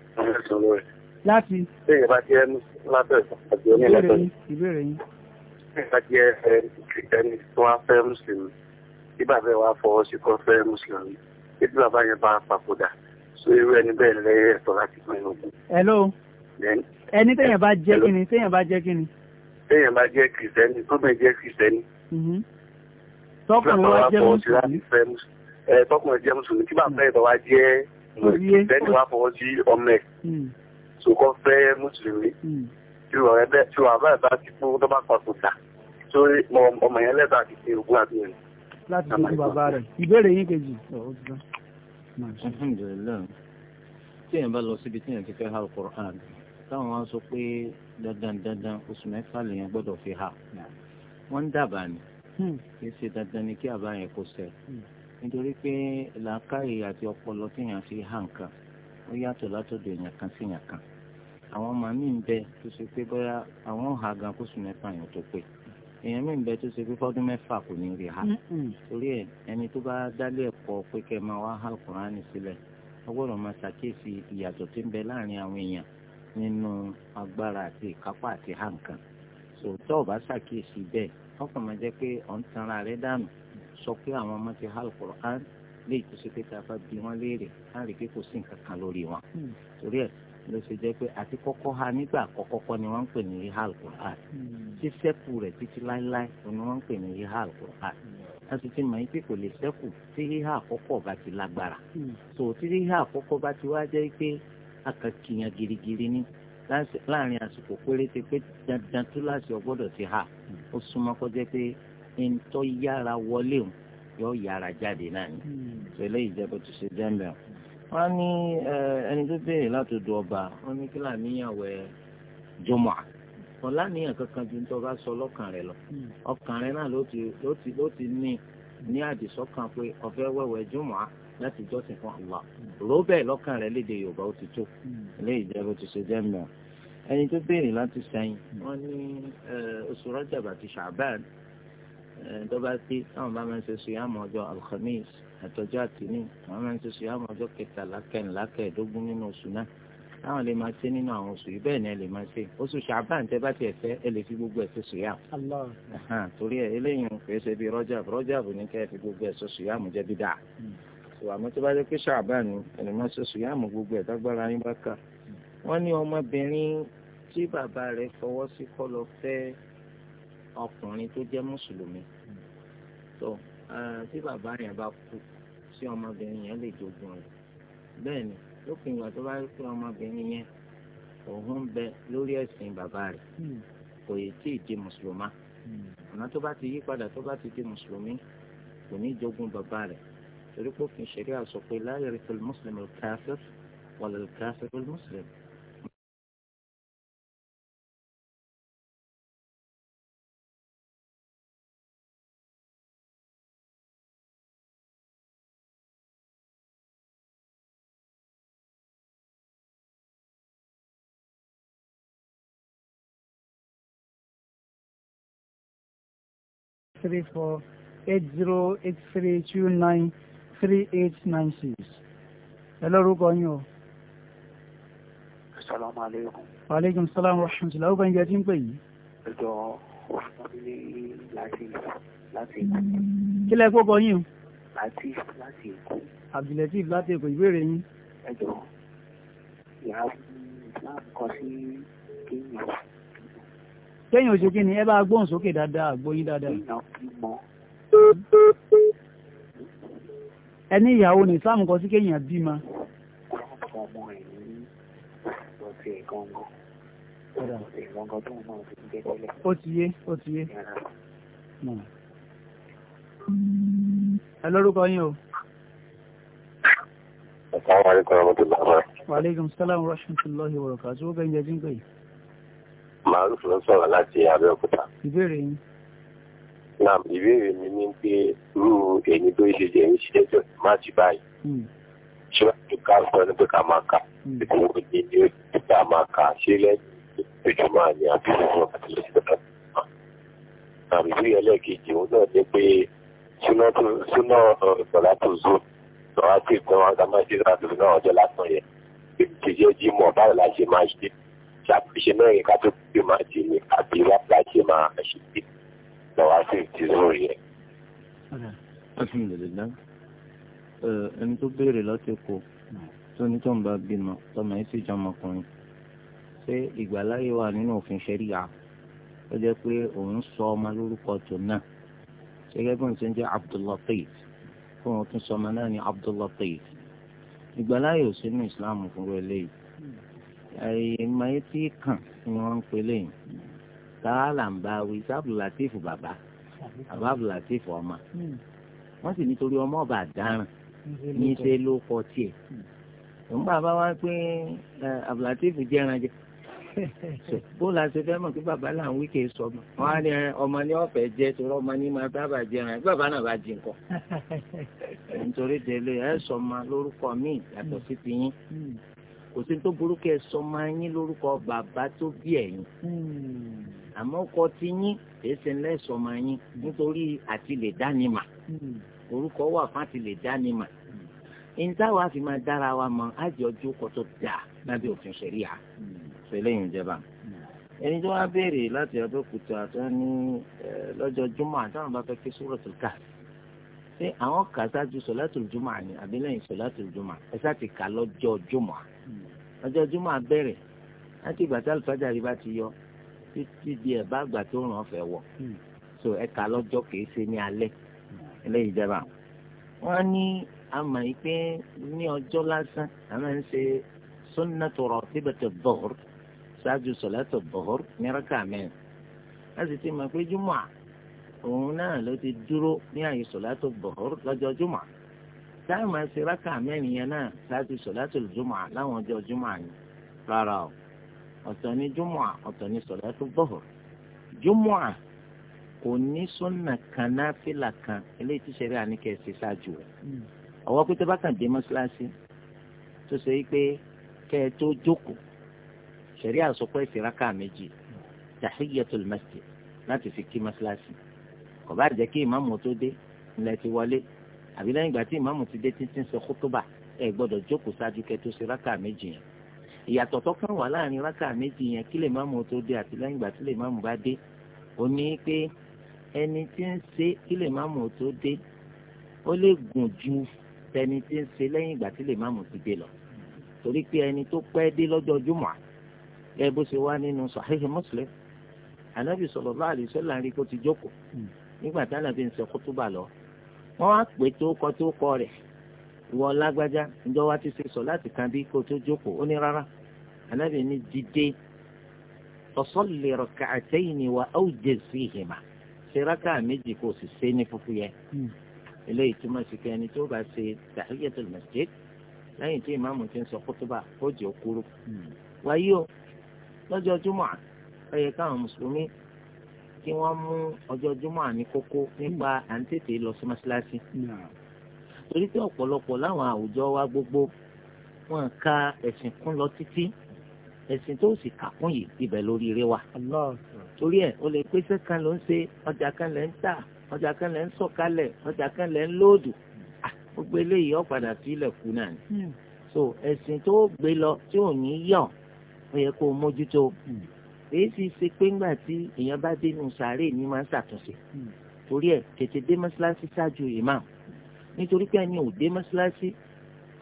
Speaker 3: sọ ọ́ lórí. Láti. Ṣé ìyẹn bá jẹ́ Mùsùlùmí? látẹ̀sán àti onílẹ̀tọ́jú. ìbéèrè yín. nípa jẹ́ kìrìtẹ́nì tí wọ́n fẹ́ mùsùlùmí tí bàbá wa so irú ẹni bẹ́ẹ̀ lẹ́yìn ẹ̀tọ́ láti
Speaker 1: hello. ẹni téèyàn bá jẹ́ kí ni téèyàn bá jẹ́ kí ni.
Speaker 3: téèyàn bá jẹ́ kìrìtẹ́nì tó bẹ̀ jẹ́ kìrìtẹ́nì.
Speaker 1: Mm-hmm. tọkùnrin wa jẹ́ mùsùlùmí.
Speaker 3: tọkùnrin jẹ́ mùsùlùmí tí bàbá yẹn bá jẹ́ kìrìtẹ́nì wa fọwọ́ sí ọmọ ẹ̀ mm. so kọ́ fẹ́ mùsùlùmí. Mm tí ọ̀rẹ́ bẹ́ẹ̀ tí ọ̀rẹ́ bẹ́ẹ̀ bá ti fún tó bá kan tó dà
Speaker 2: sórí ọmọ yẹn lẹ́bàá ti ṣe ogún àbí ẹni.
Speaker 1: láti ṣe fún bàbá rẹ̀ ìbéèrè yín kejì.
Speaker 2: alhamdulilayi tí èèyàn bá lọ síbi tí èèyàn ti fẹ́ ha alukur'an táwọn wá sọ pé dandan dandan oṣù mẹ́fà lèèyàn gbọ́dọ̀ fi ha wọ́n ń dábàá ni hmm. kì í ṣe dandan ni kí àbá yẹn kó ṣẹ hmm. nítorí pé làákàyè àti ọpọlọ tí èèyàn fi ha nǹkan ó yàtọ̀ látọ̀dọ̀ èèyàn kan sí èèyàn kan. àwọn ọmọ mi ń bẹ tó ṣe pé bóyá àwọn ọ̀hà gan kó sùn mẹ́fà yẹn tó pé èèyàn mi ń tó ṣe pé fọ́dún mẹ́fà kò ní rí ha torí ẹ ẹni tó bá dálé ẹ̀kọ́ pé kẹ́ máa wá há kùránì sílẹ̀ ó gbọ́dọ̀ máa ṣàkíyèsí ìyàtọ̀ tó ń bẹ láàrin àwọn èèyàn nínú agbára àti ìkápá àti bá ṣàkíyèsí bẹ́ẹ̀ ọkàn máa jẹ́ pé ọ̀n tanra rẹ̀ dànù sọ pé àwọn ọmọ ti há léyìí tó ṣe pé tá ló ṣe jẹ́ pé àti kọ́kọ́ ha nígbà kọ́kọ́kọ́ ni wọ́n ń pè ní ihá alukur'an hmm. tí sẹ́kù rẹ̀ títí láéláé ni wọ́n ń pè ní ihá alukur'an láti ti mọ̀ pé kò lè sẹ́kù tí ihá àkọ́kọ́ bá ti lágbára tó hmm. tí ihá àkọ́kọ́ bá ti wá jẹ́ pé akàkìyàn girigiri ni láàrin àsìkò péréte pé dandan tó láti ọgbọ́dọ̀ ti ha hmm. ó súnmọ́ kó jẹ́ pé ntọ́ yára wọlé yóò yára jáde náà ni tẹ́lẹ̀ ìjẹ́bù tó ṣe jẹ́ mẹ́rin wọ́n ní ẹni tó béèrè láti du ọba wọ́n ní kí làníyàwó ẹ jọmọ ọ láníyàn kankan ju tó bá sọ lọ́kàn rẹ lọ hmm. ọkàn rẹ náà ló ti ló ti ló ti ní ní àdìsọ́kàn pé ọ̀fẹ́ wẹ̀wẹ̀ jọmọ láti jọ́sìn fún Allah hmm. rọ́bẹ̀ lọ́kàn rẹ léde Yorùbá ó ti tó ilé hmm. ìjẹ́bù ti ṣe jẹ́ mìíràn ẹni tó béèrè láti sẹ́yìn wọ́n ní oṣù Rajab àti Sha'ban tó bá sí táwọn bá máa ń ṣe sùn yá ọjọ́ alkhamis àtọjọ́ àtìní àwọn máa ń ṣe sùn àwọn ọjọ́ kẹtàlá kẹrìnlá kẹẹ̀ẹ́dógún nínú oṣù náà táwọn lè máa ṣe nínú àwọn oṣù yìí bẹ́ẹ̀ ni ẹ lè máa ṣe oṣù ṣàbàn tẹ bá tiẹ̀ fẹ́ ẹ lè fi gbogbo ẹ̀ ṣe sùyà. torí ẹ eléyìí kìí ṣe bíi rọ́jà rọ́jà bò ní kẹ́ ẹ fi gbogbo ẹ̀ ṣe sùyà mú jẹ́ bí dáa. ṣùgbọ́n àmọ́ tó bá jẹ́ pé ṣàbàn ni ẹ lè máa ṣe sùyà mú gbogbo ẹ̀ dágbára yín bá kà. wọ́n ní ọmọbìnrin tí bàbá rẹ̀ fọwọ́ sí kọ́ lọ fẹ́ ọkùnrin tó jẹ́ mùsùlùmí. Eh, tí bàbá yẹn bá kú sí ọmọbìnrin yẹn lè jogún rẹ̀ bẹ́ẹ̀ ni lópin ìgbà tó bá rí pé ọmọbìnrin yẹn òun bẹ lórí ẹ̀sìn bàbá rẹ̀ hmm. kò yẹ tí ì di mùsùlùmá hmm. ọ̀nà tó bá ti yí padà tó bá ti di mùsùlùmí kò ní jogún bàbá rẹ̀ torí pé òfin ṣẹ̀ríà sọ pé la yarithu al-muslimu al-kafir wala al-kafiru
Speaker 1: three four eight zero eight three two nine three eight nine six. ẹ lórúkọ yín o.
Speaker 3: salaamu aleykum.
Speaker 1: waaleykum salaam wa rahmatulah. ọkọ ìjọ tí ń pè yìí.
Speaker 3: ẹjọ òṣùpọ̀lẹ́ láti láti èkó.
Speaker 1: kí lẹ kó kọ yín o.
Speaker 3: láti láti èkó.
Speaker 1: abdulatif láti èkó ìbéèrè yín.
Speaker 3: ẹjọ ìyá
Speaker 4: islam kọ sí kéèyàn
Speaker 1: kẹ́yìn oṣù kí ni ẹ bá gbóhùn sókè dáadáa àgbóyín dáadáa. ẹni ìyàwó ní islam kọ sí kéèyàn bímọ. ó ti yé ó ti yé. ẹ lórúkọ yín o. Assalamu alaikum warahmatullahi wabarakatuh. Wa alaikum salam warahmatullahi wabarakatuh. Tí ó bẹ́ẹ̀ ń jẹ́
Speaker 3: Maruf ló sọ̀rọ̀ láti Abẹ́òkúta. Ìbéèrè yín. Nam ìbéèrè mi ní pé irú èyí tó ṣe jẹ́ ní ṣíṣe tó má ti báyìí. Hmm. Ṣé wàá tún ká sọ ní pé ká máa kà? Ìkòwò ni ni ó ti ká máa kà ṣé lẹ́yìn ìjọba ni àbí ìjọba àti ìjọba àti ìjọba. Nam ìbéèrè ẹlẹ́ẹ̀kejì òun náà ní pé súná ìgbọ̀lá tó zó lọ́wọ́ sí ìpínlẹ̀ wọn ká máa ṣe ṣàfiṣe mẹ́rin ká tó gbé máa jẹ ní àbí láti máa ṣe pé
Speaker 2: lọ́wọ́ sí ti lórí ẹ̀. ẹni tó béèrè láti kó tó ní tó ń bá bímọ tọmọ ẹ sì jọmọ ọkùnrin ṣé ìgbàláyé wà nínú òfin ṣẹríya ó jẹ́ pé òun sọ ọmọ lórúkọ tó náà gẹ́gẹ́ bí wọ́n ṣe ń jẹ́ abdullatif fún wọn tún sọ ọmọ náà ní abdullatif ìgbàláyé ò sínú ìsìláàmù fún wọlé ìmọ̀ye tí kàn ni wọ́n ń pè lẹ́yìn tààlà ń bá wí sábùlù látìfù bàbá àbábù látìfù ọmọ wọ́n sì nítorí ọmọ ọba àdáràn
Speaker 4: hmm. ní ṣe
Speaker 2: ló kọ tiẹ̀ nígbà bá wá pé àbùlátìfù jẹ́ran jẹ́ bó la ṣe fẹ́ mọ̀ pé bàbá là ń wí kì í sọ ọmọ wọn á ní ọmọ ní ọ̀fẹ́ jẹ́ torí ọmọ ní máa bábà jẹran ẹ̀ bàbá náà bá jí nǹkan nítorí délé ẹ̀ sọ ọmọ lórúkọ míì yàtọ̀ sí ti yín hmm kò sí tó burú kẹ́ sọ máa yín lórúkọ bàbá tó bí ẹ̀yin
Speaker 4: hmm.
Speaker 2: àmọ́ ọkọ ti yín èsì ńlẹ sọ máa yín nítorí àti lè dánimà hmm. orúkọ wà fún àti lè dánimà ìntàwá hmm. fi máa dára wa mọ àjọjú kọtọ dà lábẹ́ òfin ṣẹ̀ríà ṣẹlẹ̀ yìí ń jẹba ẹni tó wá béèrè láti Abẹ́òkúta tó ní lọ́jọ́ júmọ̀ àtàwọn bá fẹ́ kí sùúrọ̀ tó kà sí ṣé àwọn kà sáájú sọ̀látùl jùmọ̀ àní àbí lẹ́yìn sọ̀látùl jùmọ̀ ẹ sá ti kà lọ́jọ́ jùmọ̀ hmm. ọjọ́ jùmọ̀ abẹ́rẹ̀ láti ìgbà tí alùpàdé àríwá ti yọ títí di ẹ̀bá àgbà tó ràn fẹ́ wọ̀ hmm. so ẹ kà lọ́jọ́ kìí ṣe ní alẹ́ hmm. eléyìí jẹba wọn ní àmọ́ yìí pé ní ọjọ́ lásán àmọ́ ń ṣe sunnatu ratibatu dhuhr ṣáájú sọ̀látùl òun náà ló ti dúró ní àyè sọ̀látò bọ̀hór lọ́jọ́ jùmọ̀ táwọn máa ṣe rákà mẹ́rin yẹn náà láti sọ̀látò jùmọ̀ láwọn ọjọ́ jùmọ̀ ni rárá o ọ̀tọ̀ ni jùmọ̀ ọ̀tọ̀ ni sọ̀látò bọ̀hór jùmọ̀ kò ní sọ́nà kan náà fìlà kan eléyìí tí sẹ́rí àníkẹ́ ṣe ṣáájú rẹ̀ hmm. ọwọ́ pété bá kàn dé mọ́ṣáláṣí tó ṣe pé kẹ́ ẹ tó jókòó sẹ́rí àsopọ̀ ìṣèrákà méjì tahiyyatul masjid láti fi kí mọ́ṣáláṣí kò bá jẹ́ kí ìmáàmù tó dé ńlẹ̀ ti wọlé àbí lẹ́yìn ìgbà tí ìmáàmù ti dé títí ń sọ kótóbà ẹ gbọ́dọ̀ jókòó ṣáájú kẹ́ tó ṣe rákà méjì yẹn ìyàtọ̀ tó kàn wà láàrin rákà méjì yẹn kí lè máàmù tó dé àti lẹ́yìn ìgbà tí lè máàmù bá dé ó ní pé ẹni tí ń ṣe kí lè máàmù tó dé ó lè gùn ju tẹni tí ń ṣe lẹ́yìn ìgbà tí lè máàmù ti dé lọ torí pé ẹni tó pẹ́ dé lọ́jọ́ ẹ bó ṣe wá nínú Sahih Muslim Ànábì nígbà tí ànábì ń sọ kútúbà lọ wọ́n wá pè tó kọ tó kọ ti ṣe sọ láti kan bí kó tó jókòó ó ní rárá ní méjì sì ṣe ní fúfú yẹ hmm. eléyìí túmọ̀ sí masjid lẹ́yìn tí ìmáàmù ti ń sọ jẹ́ hmm. wáyé kí wọ́n mú ọjọ́ júmọ́ àní kókó nípa à ń tètè lọ sí mọ́ṣáláṣí. torí pé ọ̀pọ̀lọpọ̀ láwọn àwùjọ wa gbogbo wọn ka ẹ̀sìn kún lọ títí ẹ̀sìn tó sì kà kún yìí ibẹ̀ lórí rẹ wa. torí ẹ̀ o lè pèsè kan ló ń ṣe ọjà kan lẹ́ ń tà ọjà kan lẹ́ ń sọ̀kalẹ̀ ọjà kan lẹ́ ń lóòdù gbogbo eléyìí ó padà sí ilẹ̀kùn náà ni. Hmm. so ẹ̀sìn tó gbé lọ tí ò ní yọ̀ ó yẹ kó mójútó. Hmm èyí sì ṣe pé ńgbà tí èèyàn bá dénú sàárè ní máa ń ṣàtúnṣe hmm. torí ẹ̀ tètè dé mọ́ṣáláṣí ṣáájú ìmáàmù nítorí pé ẹni ò dé mọ́ṣáláṣí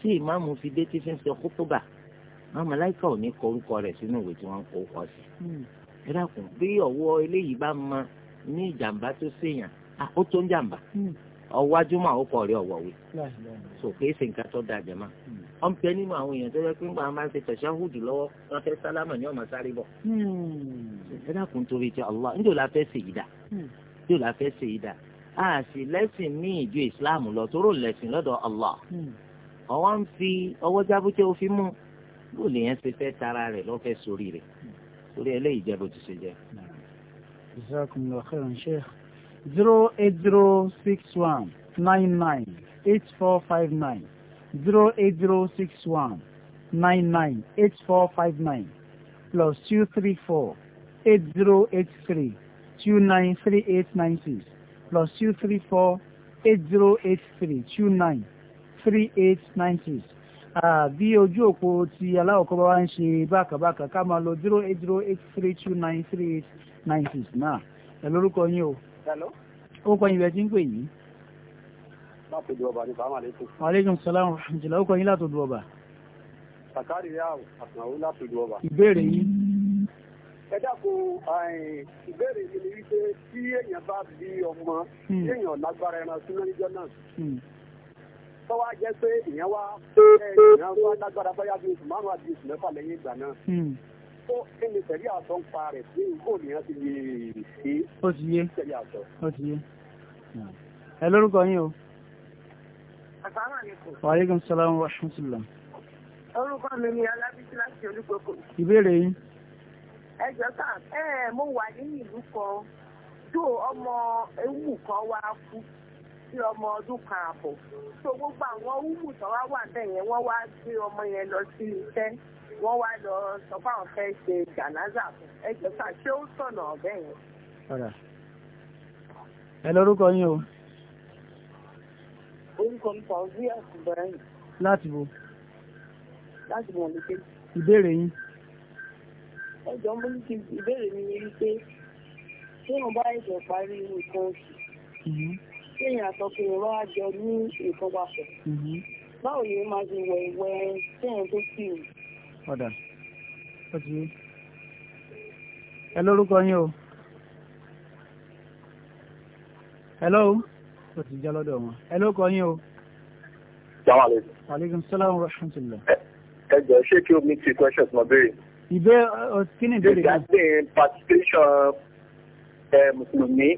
Speaker 2: tí ìmáàmù fi dé tí fi ń ṣe kútúbà àwọn màláìka ò ní kọ orúkọ rẹ̀ sínú ìwé tí wọ́n kọ orúkọ sí. Hmm. ẹ dákun bí ọwọ́ eléyìí bá mọ ní ìjàmbá tó ṣèyàn ó tó ń jàmbá hmm ọwájú mà ó kọ̀ rí ọ̀wọ̀wé so kì í ṣe nǹkan tó da jẹ̀má ọ̀n pẹ́ nínú àwọn èèyàn tó yẹ pé ńgbà máa ń ṣe tẹ̀síáhùdù lọ́wọ́ wọn fẹ́ sálámà ní ọ̀mà sáré bọ̀
Speaker 4: hmm.
Speaker 2: ẹ dákun torí ti Allah níjò la fẹ́ ṣèyí dà hmm. níjò la fẹ́ ṣèyí dà a sì ní ìjọ ìsìláàmù lọ tó rò lẹ́sìn lọ́dọ̀ Allah hmm. ọwọ́ ń fi ọwọ́ jábútẹ́ òfin mú yóò lè yẹn ṣe fẹ́ tara rẹ̀ lọ́fẹ́ sórí rẹ̀ torí ẹlẹ́yìí jẹ́ bó ti ṣe jẹ́
Speaker 1: zero eight zero six one nine nine eight four five nine zero eight zero six one nine nine eight four five nine plus two three four eight zero eight three two nine three eight nine six plus two three four eight zero eight three two nine three eight nine six bí ojú òpó ti aláwọ̀kọ́ bá wá ń ṣe bákàbákà ká máa lo zero eight zero eight three two nine three eight nine six náà ẹ̀ lórúkọ yín o orúkọ yìí bẹ̀ tí ń pè yìí.
Speaker 3: láti du ọba ní sàmà lẹ́kùn.
Speaker 1: aleykum salaam wa rahmatulah orúkọ yìí láti du ọba.
Speaker 3: sàkárì yà àtàwọn láti du ọba. ìbéèrè yìí. ẹ dákun ìbéèrè yìí ni wípé tí èèyàn bá bí ọmọ hmm. èèyàn lágbára ẹran sínú níjọ náà hmm. tọ́wọ́ jẹ́ pé èèyàn wá èèyàn wá lágbára báyà bí oṣù márùn-ún àti oṣù mẹ́fà lẹ́yìn ìgbà náà. Hmm ó kí ni tẹ̀lé àsọ ń pa rẹ̀ sí ìgbò nìyẹn ti lè ṣe
Speaker 1: ó ti yé ó ti yé ẹ lórúkọ yín o.
Speaker 3: asalaamualeykum.
Speaker 1: wa aleykum salaam wa rahmatulah.
Speaker 3: orúkọ mi ni alábísí láti olúgbòkò. ìbéèrè yín. ẹ jọ sá ẹ mo wà nínú ìlú kan tó ọmọ ewu kan wá kú bí ọmọ ọdún kan àbọ̀ tó gbogbo àwọn wúwù tó wá wà bẹ́ẹ̀ yẹn wọ́n wá gbé ọmọ yẹn lọ sí iṣẹ́ wọ́n wá lọ sọ pé àwọn fẹ́ ṣe jànáza fún ẹjọ́ sá ṣé ó sọ̀nà ọ̀bẹ́
Speaker 1: yẹn. ẹ lórúkọ yín o. orúkọ mi kàn rí ẹ̀sùn bẹ̀rẹ̀ yìí. láti bo. láti bo ọ̀nà kejì. ìbéèrè yín.
Speaker 3: ẹjọ́ mo ní kí ìbéèrè mi ni wípé tí wọ́n bá ẹ̀jẹ̀ parí nǹkan oṣù. Mhm kéèyàn àtọkùnrin wá jọ ní nǹkan papọ̀ mhm. báwo ni máa ti wẹ̀ ìwẹ̀ kéèyàn tó kì í.
Speaker 1: ọ̀dà ó ti ẹ lórúkọ yín o hello ó ti jẹ́ lọ́dọ̀ wọn ẹ lórúkọ yín o. salaamaleykum. aleykum salaam wa rahmatulah.
Speaker 3: ẹ jọ ṣé kí o mi ti questions mo béèrè.
Speaker 1: ìbéèrè kí ni ìbéèrè náà. ìgbàgbé
Speaker 3: participation eh, mùsùlùmí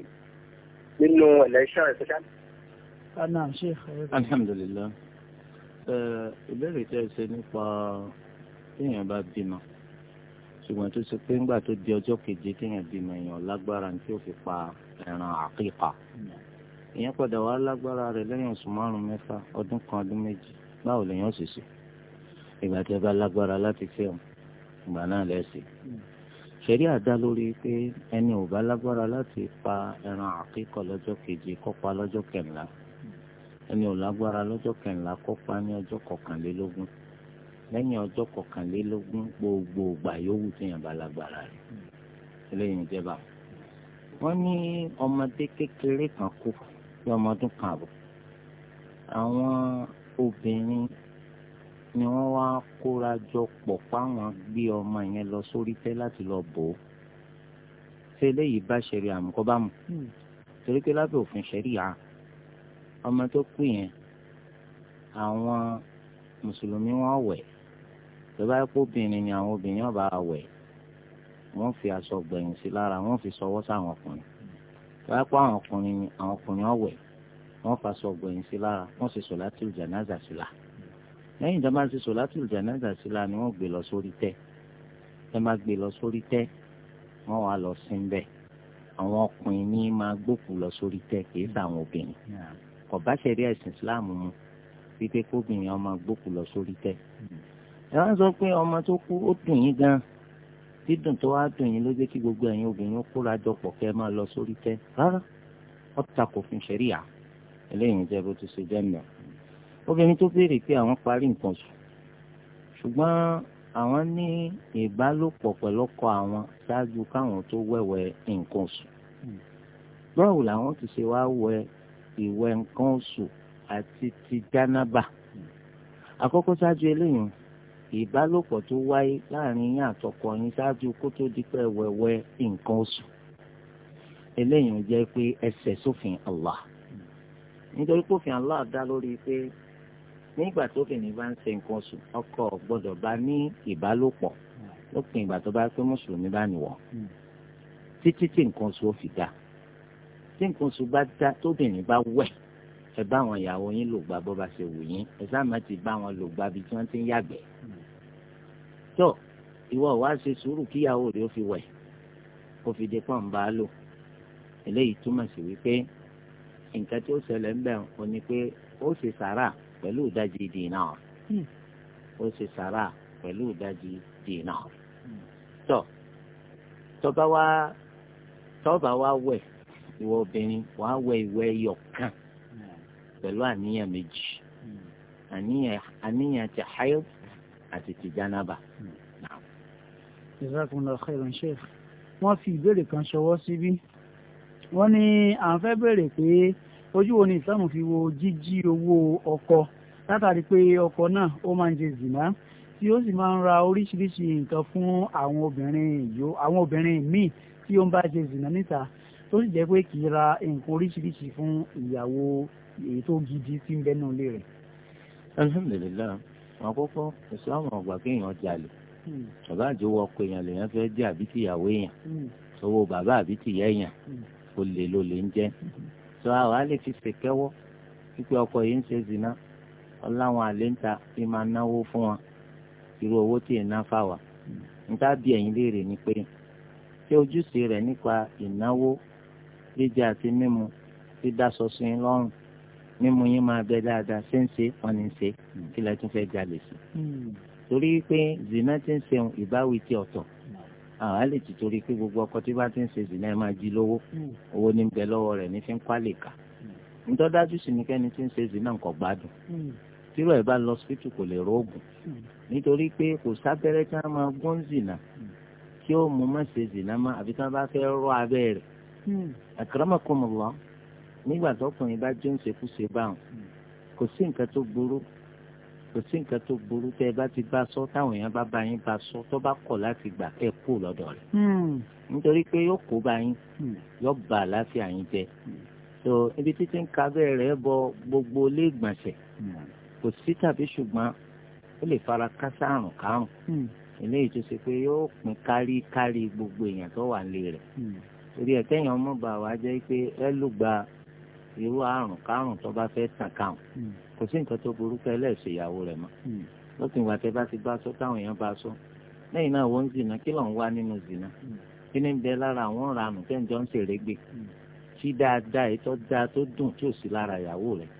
Speaker 3: nínú election ìpínlẹ̀.
Speaker 1: Ah,
Speaker 2: alhamdulilah ìbéèrè tẹ́ ẹ ṣe nípa téèyàn bá bímọ ṣùgbọ́n tó ṣe pé ńgbà tó di ọjọ́ keje téèyàn bímọ èèyàn lágbára tí ó fi pa ẹran àkíkà ìyẹn padà wá lágbára rẹ̀ lẹ́yìn oṣù márùn-ún mẹ́fà ọdún kan ọdún méjì báwo lèèyàn ṣe ṣe ìgbà tí ẹ bá lágbára láti fẹ́ ìgbà náà lẹ́sìn ṣẹ̀rí àdá lórí pé ẹni ò bá lágbára láti pa ẹran àkíkọ̀ lọ́jọ́ keje kó pa lọ́jọ́ kẹ̀ńlá ẹni ò lágbára lọ́jọ́ kẹ̀ńlá kó pa ní ọjọ́ kọkànlélógún lẹ́yìn ọjọ́ kọkànlélógún gbogbo ìgbà yòówù tí yàn bá lágbára rẹ̀ eléyìí jẹba. wọ́n ní ọmọdé kékeré kan kú ní ọmọ kan àbọ̀ àwọn obìnrin ni wọ́n wá kóra jọ pọ̀ fáwọn gbé ọmọ yẹn lọ sórí tẹ́ láti lọ bò ó ṣé eléyìí bá ṣẹ̀rí àmúkọ́bámu hmm. torí pé lábẹ́ òfin ṣẹ̀rí à ọmọ tó kú yẹn àwọn mùsùlùmí wọn wẹ̀ tó bá kó obìnrin ni àwọn obìnrin ọba wẹ̀ wọ́n fi aṣọ gbẹ̀yìn sí lára wọ́n fi sọwọ́ sáwọn ọkùnrin tó bá kó àwọn ọkùnrin ni àwọn ọkùnrin ọwẹ̀ wọ́n fa aṣọ gbẹ̀yìn sí lára wọ́n sì sọ láti ìjànáza sí lẹ́yìn tó bá ṣe solatul janaza síla ni wọ́n gbé lọ sórí tẹ́ tó bá gbé lọ sórí tẹ́ wọ́n wá lọ sí bẹ́ẹ̀ àwọn ọkùnrin ní máa gbókù lọ sórí tẹ́ kì í sàwọn obìnrin kò bá ṣẹ̀rí ẹ̀sìn islam mu wípé kóbìnrin ọmọ gbókù lọ sórí tẹ́ ẹ wá sọ pé ọmọ tó kú ó dùn yín gan dídùn tó wá dùn yín ló jẹ́ kí gbogbo ẹ̀yin obìnrin kóra jọ pọ̀ kẹ́ máa lọ sórí tẹ́ rárá ó ta kò fún ṣẹ̀ríà eléyìí jẹ́ bó ti ṣe jẹ́ mẹ́rin obìnrin tó béèrè pé àwọn parí nǹkan sùn ṣùgbọ́n àwọn ní ìbálòpọ̀ pẹ̀lú ọkọ àwọn ṣáájú káwọn tó wẹ̀wẹ̀ nǹkan sùn báwo làwọn ti ṣe wá wẹ ìwẹ̀ nǹkan sùn àti ti jánábà àkọ́kọ́ ṣáájú eléyìí ìbálòpọ̀ tó wáyé láàrin yín àtọkọ yín ṣáájú kó tó di pé wẹ̀wẹ̀ nǹkan oṣù eléyìí jẹ́ pé ẹsẹ̀ sófin Allah nítorí pófin Allah dá lórí pé nígbà tóbìnrin bá ń ṣe nǹkan oṣù ọkọ gbọ́dọ̀ bá ní ìbálòpọ̀ lópin ìgbà tó bá pé mùsùlùmí bá nìwọ títí tí nǹkan oṣù ó fi dá tí nǹkan oṣù bá dá tóbìnrin bá wẹ̀ ẹ bá àwọn ìyàwó yín lò gbà bó bá ṣe wù yín ẹ sáà má ti bá wọn lò gbà bí tí wọ́n ti ń yàgbẹ́ tó ìwọ wá ṣe sùúrù kíyàwó rẹ ó fi wẹ̀ kó fi dé pọ̀ ń bá a lò eléyìí túmọ̀ sí wípé nǹkan tí ó ṣẹlẹ̀ ń bẹ̀ ò ní pé ó ṣe sàrà pẹ̀lú ìdajì dinar hmm. ó ṣe sàrà pẹ̀lú ìdajì dinar hmm. tọ́ tọ́ba wá tọ́ba wá wẹ̀ ìwọ obìnrin wàá wẹ̀ ìwẹ̀ yọ̀kan pẹ̀lú àníyàn méjì hmm. àníyàn ti hayd àti ti janaba.
Speaker 1: jazakumullahu khairan sheikh wọ́n fi ìbéèrè kan ṣọwọ́ síbí wọ́n ní à ń fẹ́ béèrè pé ojú wo ni islam fi wo jíjí owó ọkọ látàrí pé ọkọ náà ó máa ń jẹ zìnà tí ó sì máa ń ra oríṣiríṣi nǹkan fún àwọn obìnrin yòó àwọn obìnrin míì tí ó ń bá jẹ zìnà níta tó sì jẹ́ pé kì í ra nǹkan oríṣiríṣi fún ìyàwó èyí tó gidi tí ń bẹnu ilé rẹ̀.
Speaker 2: alhamdulilayi wọn kọ́kọ́ islam ọgbà kéèyàn jalè hmm. bàbá àjòwò ọkọ èèyàn lèèyàn fẹ́ẹ́ jẹ àbí tìyàwó èèyàn owó hmm. bàbá àbí tìyà èèyàn hmm. olè ló ń jẹ sọ àwọn á lè fi ṣèkẹ́wọ́ wípé ọkọ yìí ń ṣe zina ọláwọn àléǹta fi máa náwó fún wa irú owó tí ì ná fáwa níta bí ẹ̀yin léèrè ni pé ṣé ojúṣe rẹ̀ nípa ìnáwó jíjẹ àti mímu dídásọ sí i lọ́rùn mímu yín máa bẹ dáadáa ṣé ń ṣe wọn ni ń ṣe kí lẹ tún fẹ́ jalè sí. Hmm. torí pé zina ti ń ṣeun ìbáwí ti ọ̀tọ̀ àwọn àlè ti torí pé gbogbo ọkọ tí bá ti ń ṣe zìnà ẹ máa jí lówó hmm. owó ní bẹ lọ́wọ́ rẹ̀ ní fi ń kwalè ká hmm. ntọ́dájú sì ní kẹ́ni tí ń ṣe zìnà nǹkan gbádùn hmm. tírọ̀ ẹ̀ bá lọ sípítù kò lè rógùn nítorí pé kò sábẹ́rẹ́ tí wọ́n máa gún zìnà kí ó mú má ṣe zìnà má àbí tí wọ́n bá fẹ́ rọ abẹ́ rẹ̀ akramakumullah nígbà tọkùnrin bá jẹ́ ń ṣekúṣe báwọn kò sí nǹkan tó burú kò sí nǹkan tó burú tẹ́ ẹ bá ti bá sọ táwọn èèyàn bá bá yín bá sọ tó bá kọ̀ láti gbà ẹ kú lọ́dọ̀ rẹ̀ hmm. nítorí pé yóò kó bá yín hmm. yóò bà àlàáfíà yín jẹ́ hmm. so ibi títí ń ka bẹ́ẹ̀ rẹ̀ bọ gbogbo ilé ìgbọ̀nsẹ̀ kò sí tàbí ṣùgbọ́n ó lè fara kásá àrùn kárùn eléyìí tó ṣe pé yóò pín kárí kárí gbogbo èèyàn tó wà nílé rẹ̀ torí ẹ̀ kẹ́yìn ọmọ bàwá jẹ́ pé ẹ lùgbà irú àrùn kárùn tó bá fẹ́ tàn káwọn kò sí nǹkan tó burú pé ẹlẹ́sìn ìyàwó rẹ̀ mọ́ hmm. lópin ìgbà tẹ bá ti bá sọ táwọn èèyàn bá sọ lẹ́yìn náà wọ́n ń zìnà kí ló ń wá nínú zìnà hmm. kí ní bẹ lára àwọn ìranù tẹ́ ń jọ ń ṣeré gbé hmm. tí dáadáa ètò dáa tó dùn tí ò sí lára ìyàwó rẹ̀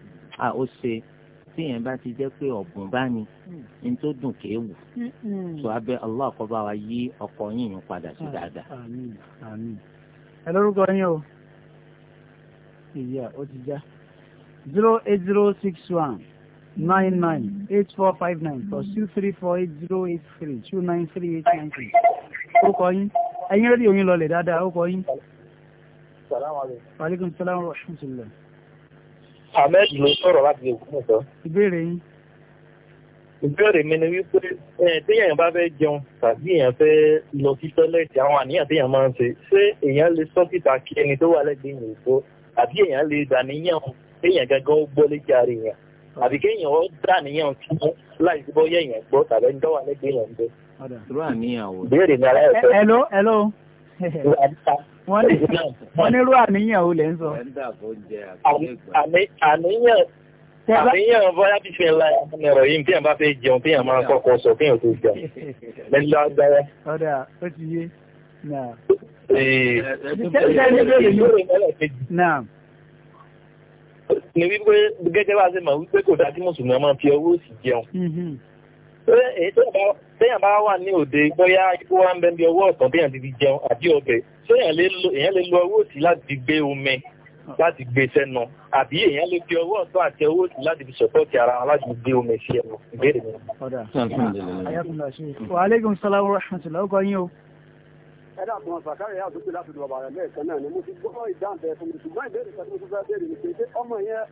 Speaker 2: à ó ṣe tí èèyàn bá ti jẹ́ pé ọ̀bùn bá ní ní tó dùn kéé wù tó abẹ́ Allah wa yí ọkọ yíyan padà sí dáadáa. Ah,
Speaker 1: ẹ lórúkọ yín o ìyá ó ti já zero eight zero six one nine nine eight four five nine plus two three four eight zero eight three two nine three eight nine three. ó kọ yín ẹ̀yin rédíò yín lọlẹ̀ dáadáa ó kọ yín. waaleykum salaam wa rahmatulah.
Speaker 3: ahmed ló sọ̀rọ̀ láti èkó mọ̀tọ́. ìbéèrè yín. ìbéèrè mi ni wípé téèyàn bá fẹ́ jẹun
Speaker 1: tàbí èèyàn fẹ́
Speaker 3: lọ sí tọ́lẹ̀tì àwọn àníyàn téèyàn máa ń ṣe ṣé èèyàn lè sọ́kìtà kí ẹni tó wà lẹ́gbẹ̀ẹ́ yìí tó àbí èèyàn lè dàníyàn kéèyàn gangan ó gbọ́ létí ara èèyàn àbí kéèyàn ó dà níyàn tí wọ́n láì sí bọ́yá èèyàn gbọ́ tàbí ń dọ́wà lẹ́gbẹ̀ẹ́ èèyàn gbé. béèrè ní ara ẹ̀fẹ́. hello
Speaker 1: hello. wọ́n ní irú àníyàn ò lè ń sọ.
Speaker 3: àníyàn
Speaker 1: àníyàn
Speaker 3: bọ́yá bí fi ńlá ẹ̀rọ yìí tí èèyàn bá fẹ́ jẹun tí èèyàn máa kọ́kọ́ sọ kéèyàn tó jẹun lẹ́lọ́ agbára. ọ̀dà
Speaker 1: ó ti yé. Naam.
Speaker 3: Ṣé ṣe
Speaker 1: ṣe ṣe
Speaker 3: ni wípé gẹ́gẹ́ bá ṣe mọ̀ wípé kò dájú mùsùlùmí ọmọ fi ọwọ́ òsì jẹun mm-hmm. téèyàn bá wà ní òde bóyá ikú wa ń bẹ bí ọwọ́ ọ̀tàn téèyàn ti fi jẹun àbí ọbẹ̀ téèyàn lè lo ọwọ́ òsì láti gbé omi láti gbé sẹ́nu àbí èèyàn lè fi ọwọ́ ọ̀tọ́ àti ọwọ́ òsì láti fi sọ̀tọ́ọ̀tì ara wọn láti gbé
Speaker 1: omi sí ẹnu ìbéèrè mi
Speaker 3: ẹ̀dá àti wọn sàkárì yà àdúgbò láti lọ bàrẹ̀ lẹ́ẹ̀kan náà ni mo ti gbọ́ ìdáǹtẹ̀ fún mi ṣùgbọ́n ìbéèrè kan tí mo tún fẹ́ béèrè ni pé ṣé ọmọ yẹn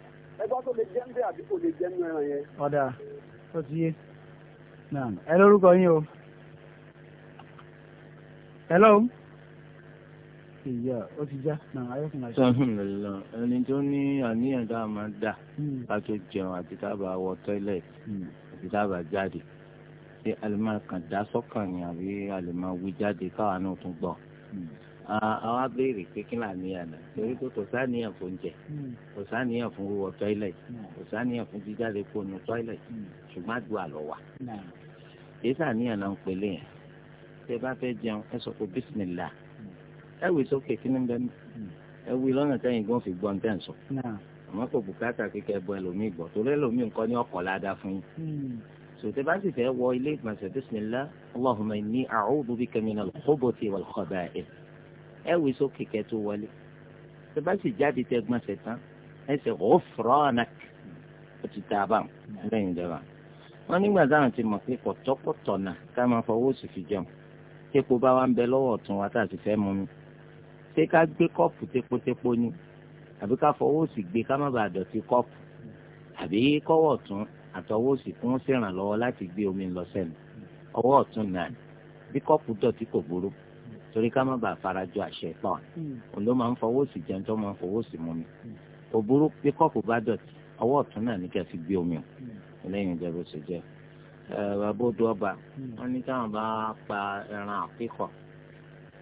Speaker 3: ẹgbọ́n tó lè jẹ́ ń bẹ́ àbí kò lè jẹ́ nínú ẹran yẹn.
Speaker 1: ọ̀dà ó ti yé ẹ lórúkọ yín o hello ìyá ó ti já náà ayọ́kùnrin àti. sàmìlélọ
Speaker 2: ẹni tó ní àníyàn dáa máa dà ká hmm. tó jẹun àti tábà wọ tọ́ílẹ̀tì hmm. àti tábà jáde pé a lè máa kàn dá sọ́kàn ni àbí a lè máa wí jáde káwa náà tún gbọ́. àwa hmm. béèrè pé kí là ní àná torí pé kò sáníyàn fún jẹ hmm. kò sáníyàn fún wíwọ tọ́ílẹ̀tì hmm. kò sáníyàn fún jíjáde kó nu tọ́ílẹ̀tì ṣùgbọ́n àdúrà lọ wà. èyí sàníyàn náà ń pèlè yẹn tẹ bá fẹ́ jẹun ẹ sọ pé bísímìlà ẹ wí sókè kí ni bẹ́ẹ̀ ẹ wí lọ́nà tẹ́yìn gan fi gbọ́n tẹ́ ń sọ àmọ́ kò bùkátà kíkẹ́ bọ ẹlòmíì gbọ́ torí ẹlòmíì nǹkan ní ọkọ̀ ládàá fún yín sòtẹ́ bá sì fẹ́ wọ ilé ìgbọ̀nsẹ̀ bísímilá allahumma inni a'udhu bika minal khubuthi wal khaba'ith ẹ wí sókè kẹ́ tó wọlé tẹ́ bá sì jáde tẹ́ gbọ̀nsẹ̀ tán ẹ sì ghufranak ó ti tà bá lẹ́yìn ìjọba wọn nígbà táwọn ti mọ̀ pé kọ̀tọ́kọ̀tọ̀ náà ká máa fọwọ́ sí fi jẹun tépo bá wa ń bẹ lọ́wọ́ ọ̀tún wa tá fẹ́ mu mi ṣé ká gbé kọ́ọ̀pù tépotépo ni àbí ká fọwọ́ sí gbé ká má bàa dọ̀tí kọ́ọ̀pù àbí kọ́wọ́ ọ̀tún àtọwọ́ òsì fún ó ṣèrànlọ́wọ́ láti gbé omi lọ sẹ́nu ọwọ́ ọ̀tún náà bí kọ́ọ̀pù dọ̀tí kò burú torí ká má bàa farajọ àṣẹ tán òun ló máa ń fọwọ́ òsì jẹun tó máa ń fọwọ́ òsì mú mi kò burú bí kọ́ọ̀pù bá dọ̀tí ọwọ́ ọ̀tún náà ní kí a fi gbé omi o lẹ́yìn ìjẹ́bù ṣe jẹ́ bàbá odò ọba wọn ní káwọn bá pa ẹran àpékọ̀ọ́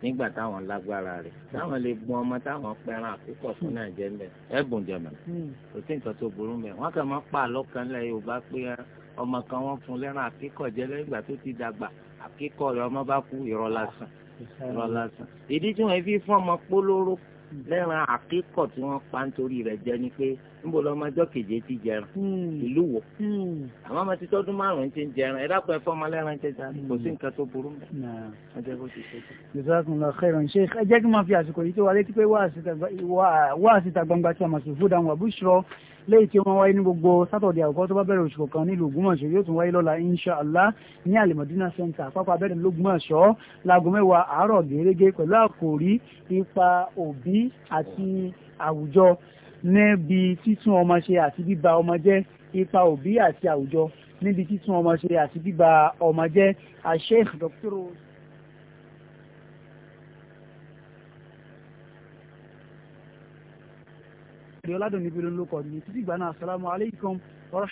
Speaker 2: nígbà táwọn lágbára rẹ̀ hmm. táwọn lè gun ọmọ táwọn pẹran àkókò fún hmm. nàìjẹ́ mbẹ́ ẹ̀bùn jẹ̀mọ̀ hmm. kò sí nǹkan tó burú mbẹ́ wọ́n kàn máa pa àlọ́kan lẹ́ yorùbá pé ah, ọmọ kan wọ́n fún lẹ́ran àkíkọ̀ jẹ́ lẹ́gbà tó ti dàgbà àkíkọ̀ rẹ̀ ọmọ bá kú irọ́ ah, lásán ìdí tí wọ́n fi fún ọmọ polówó lẹ́ran àkíkọ̀ tí wọ́n pa nítorí rẹ̀ jẹ ni pé níbo lọ́mọ ọjọ́ keje ti jẹran hmm. ìlú wo hmm. àmọ́ ọmọ títọ́ ọdún márùn-ún ti ń jẹran ẹ dákun ẹ ọmọ lẹ́ran jẹjà kò sí hmm. nǹkan tó burú mẹ́.
Speaker 1: Jazakumullahu khairan Sheikh ẹ jẹ́ kí n máa fi àsìkò yìí tó wa létí pé wá àsìta gbangba tí a máa sùn fúdà wọn àbúṣọ léyìí tí wọ́n wáyé ní gbogbo sátọ̀dẹ̀ àkọ́kọ́ tó bá bẹ̀rẹ̀ oṣù kọ̀ọ̀kan nílùú Ògbómọ̀ṣọ́ yóò tún wáyé lọ́la inshallah ní Alimadina Center pápá abẹ́rẹ́ l'Ógbómọ̀ṣọ́ láago mẹ́wàá àárọ̀ gẹ́gẹ́ pẹ̀lú àkòrí ipa òbí àti àwùjọ níbi títún ọmọ ṣe àti bíba ọmọ jẹ́ ipa òbí àti àwùjọ níbi títún ọmọ ṣe àti bíba ọmọ jẹ́ àṣẹ ìdọ́kítọ́rọ̀ ìrìn ọ̀làdùn níbi ló ní títí ìgbà náà assalamu alaikum wa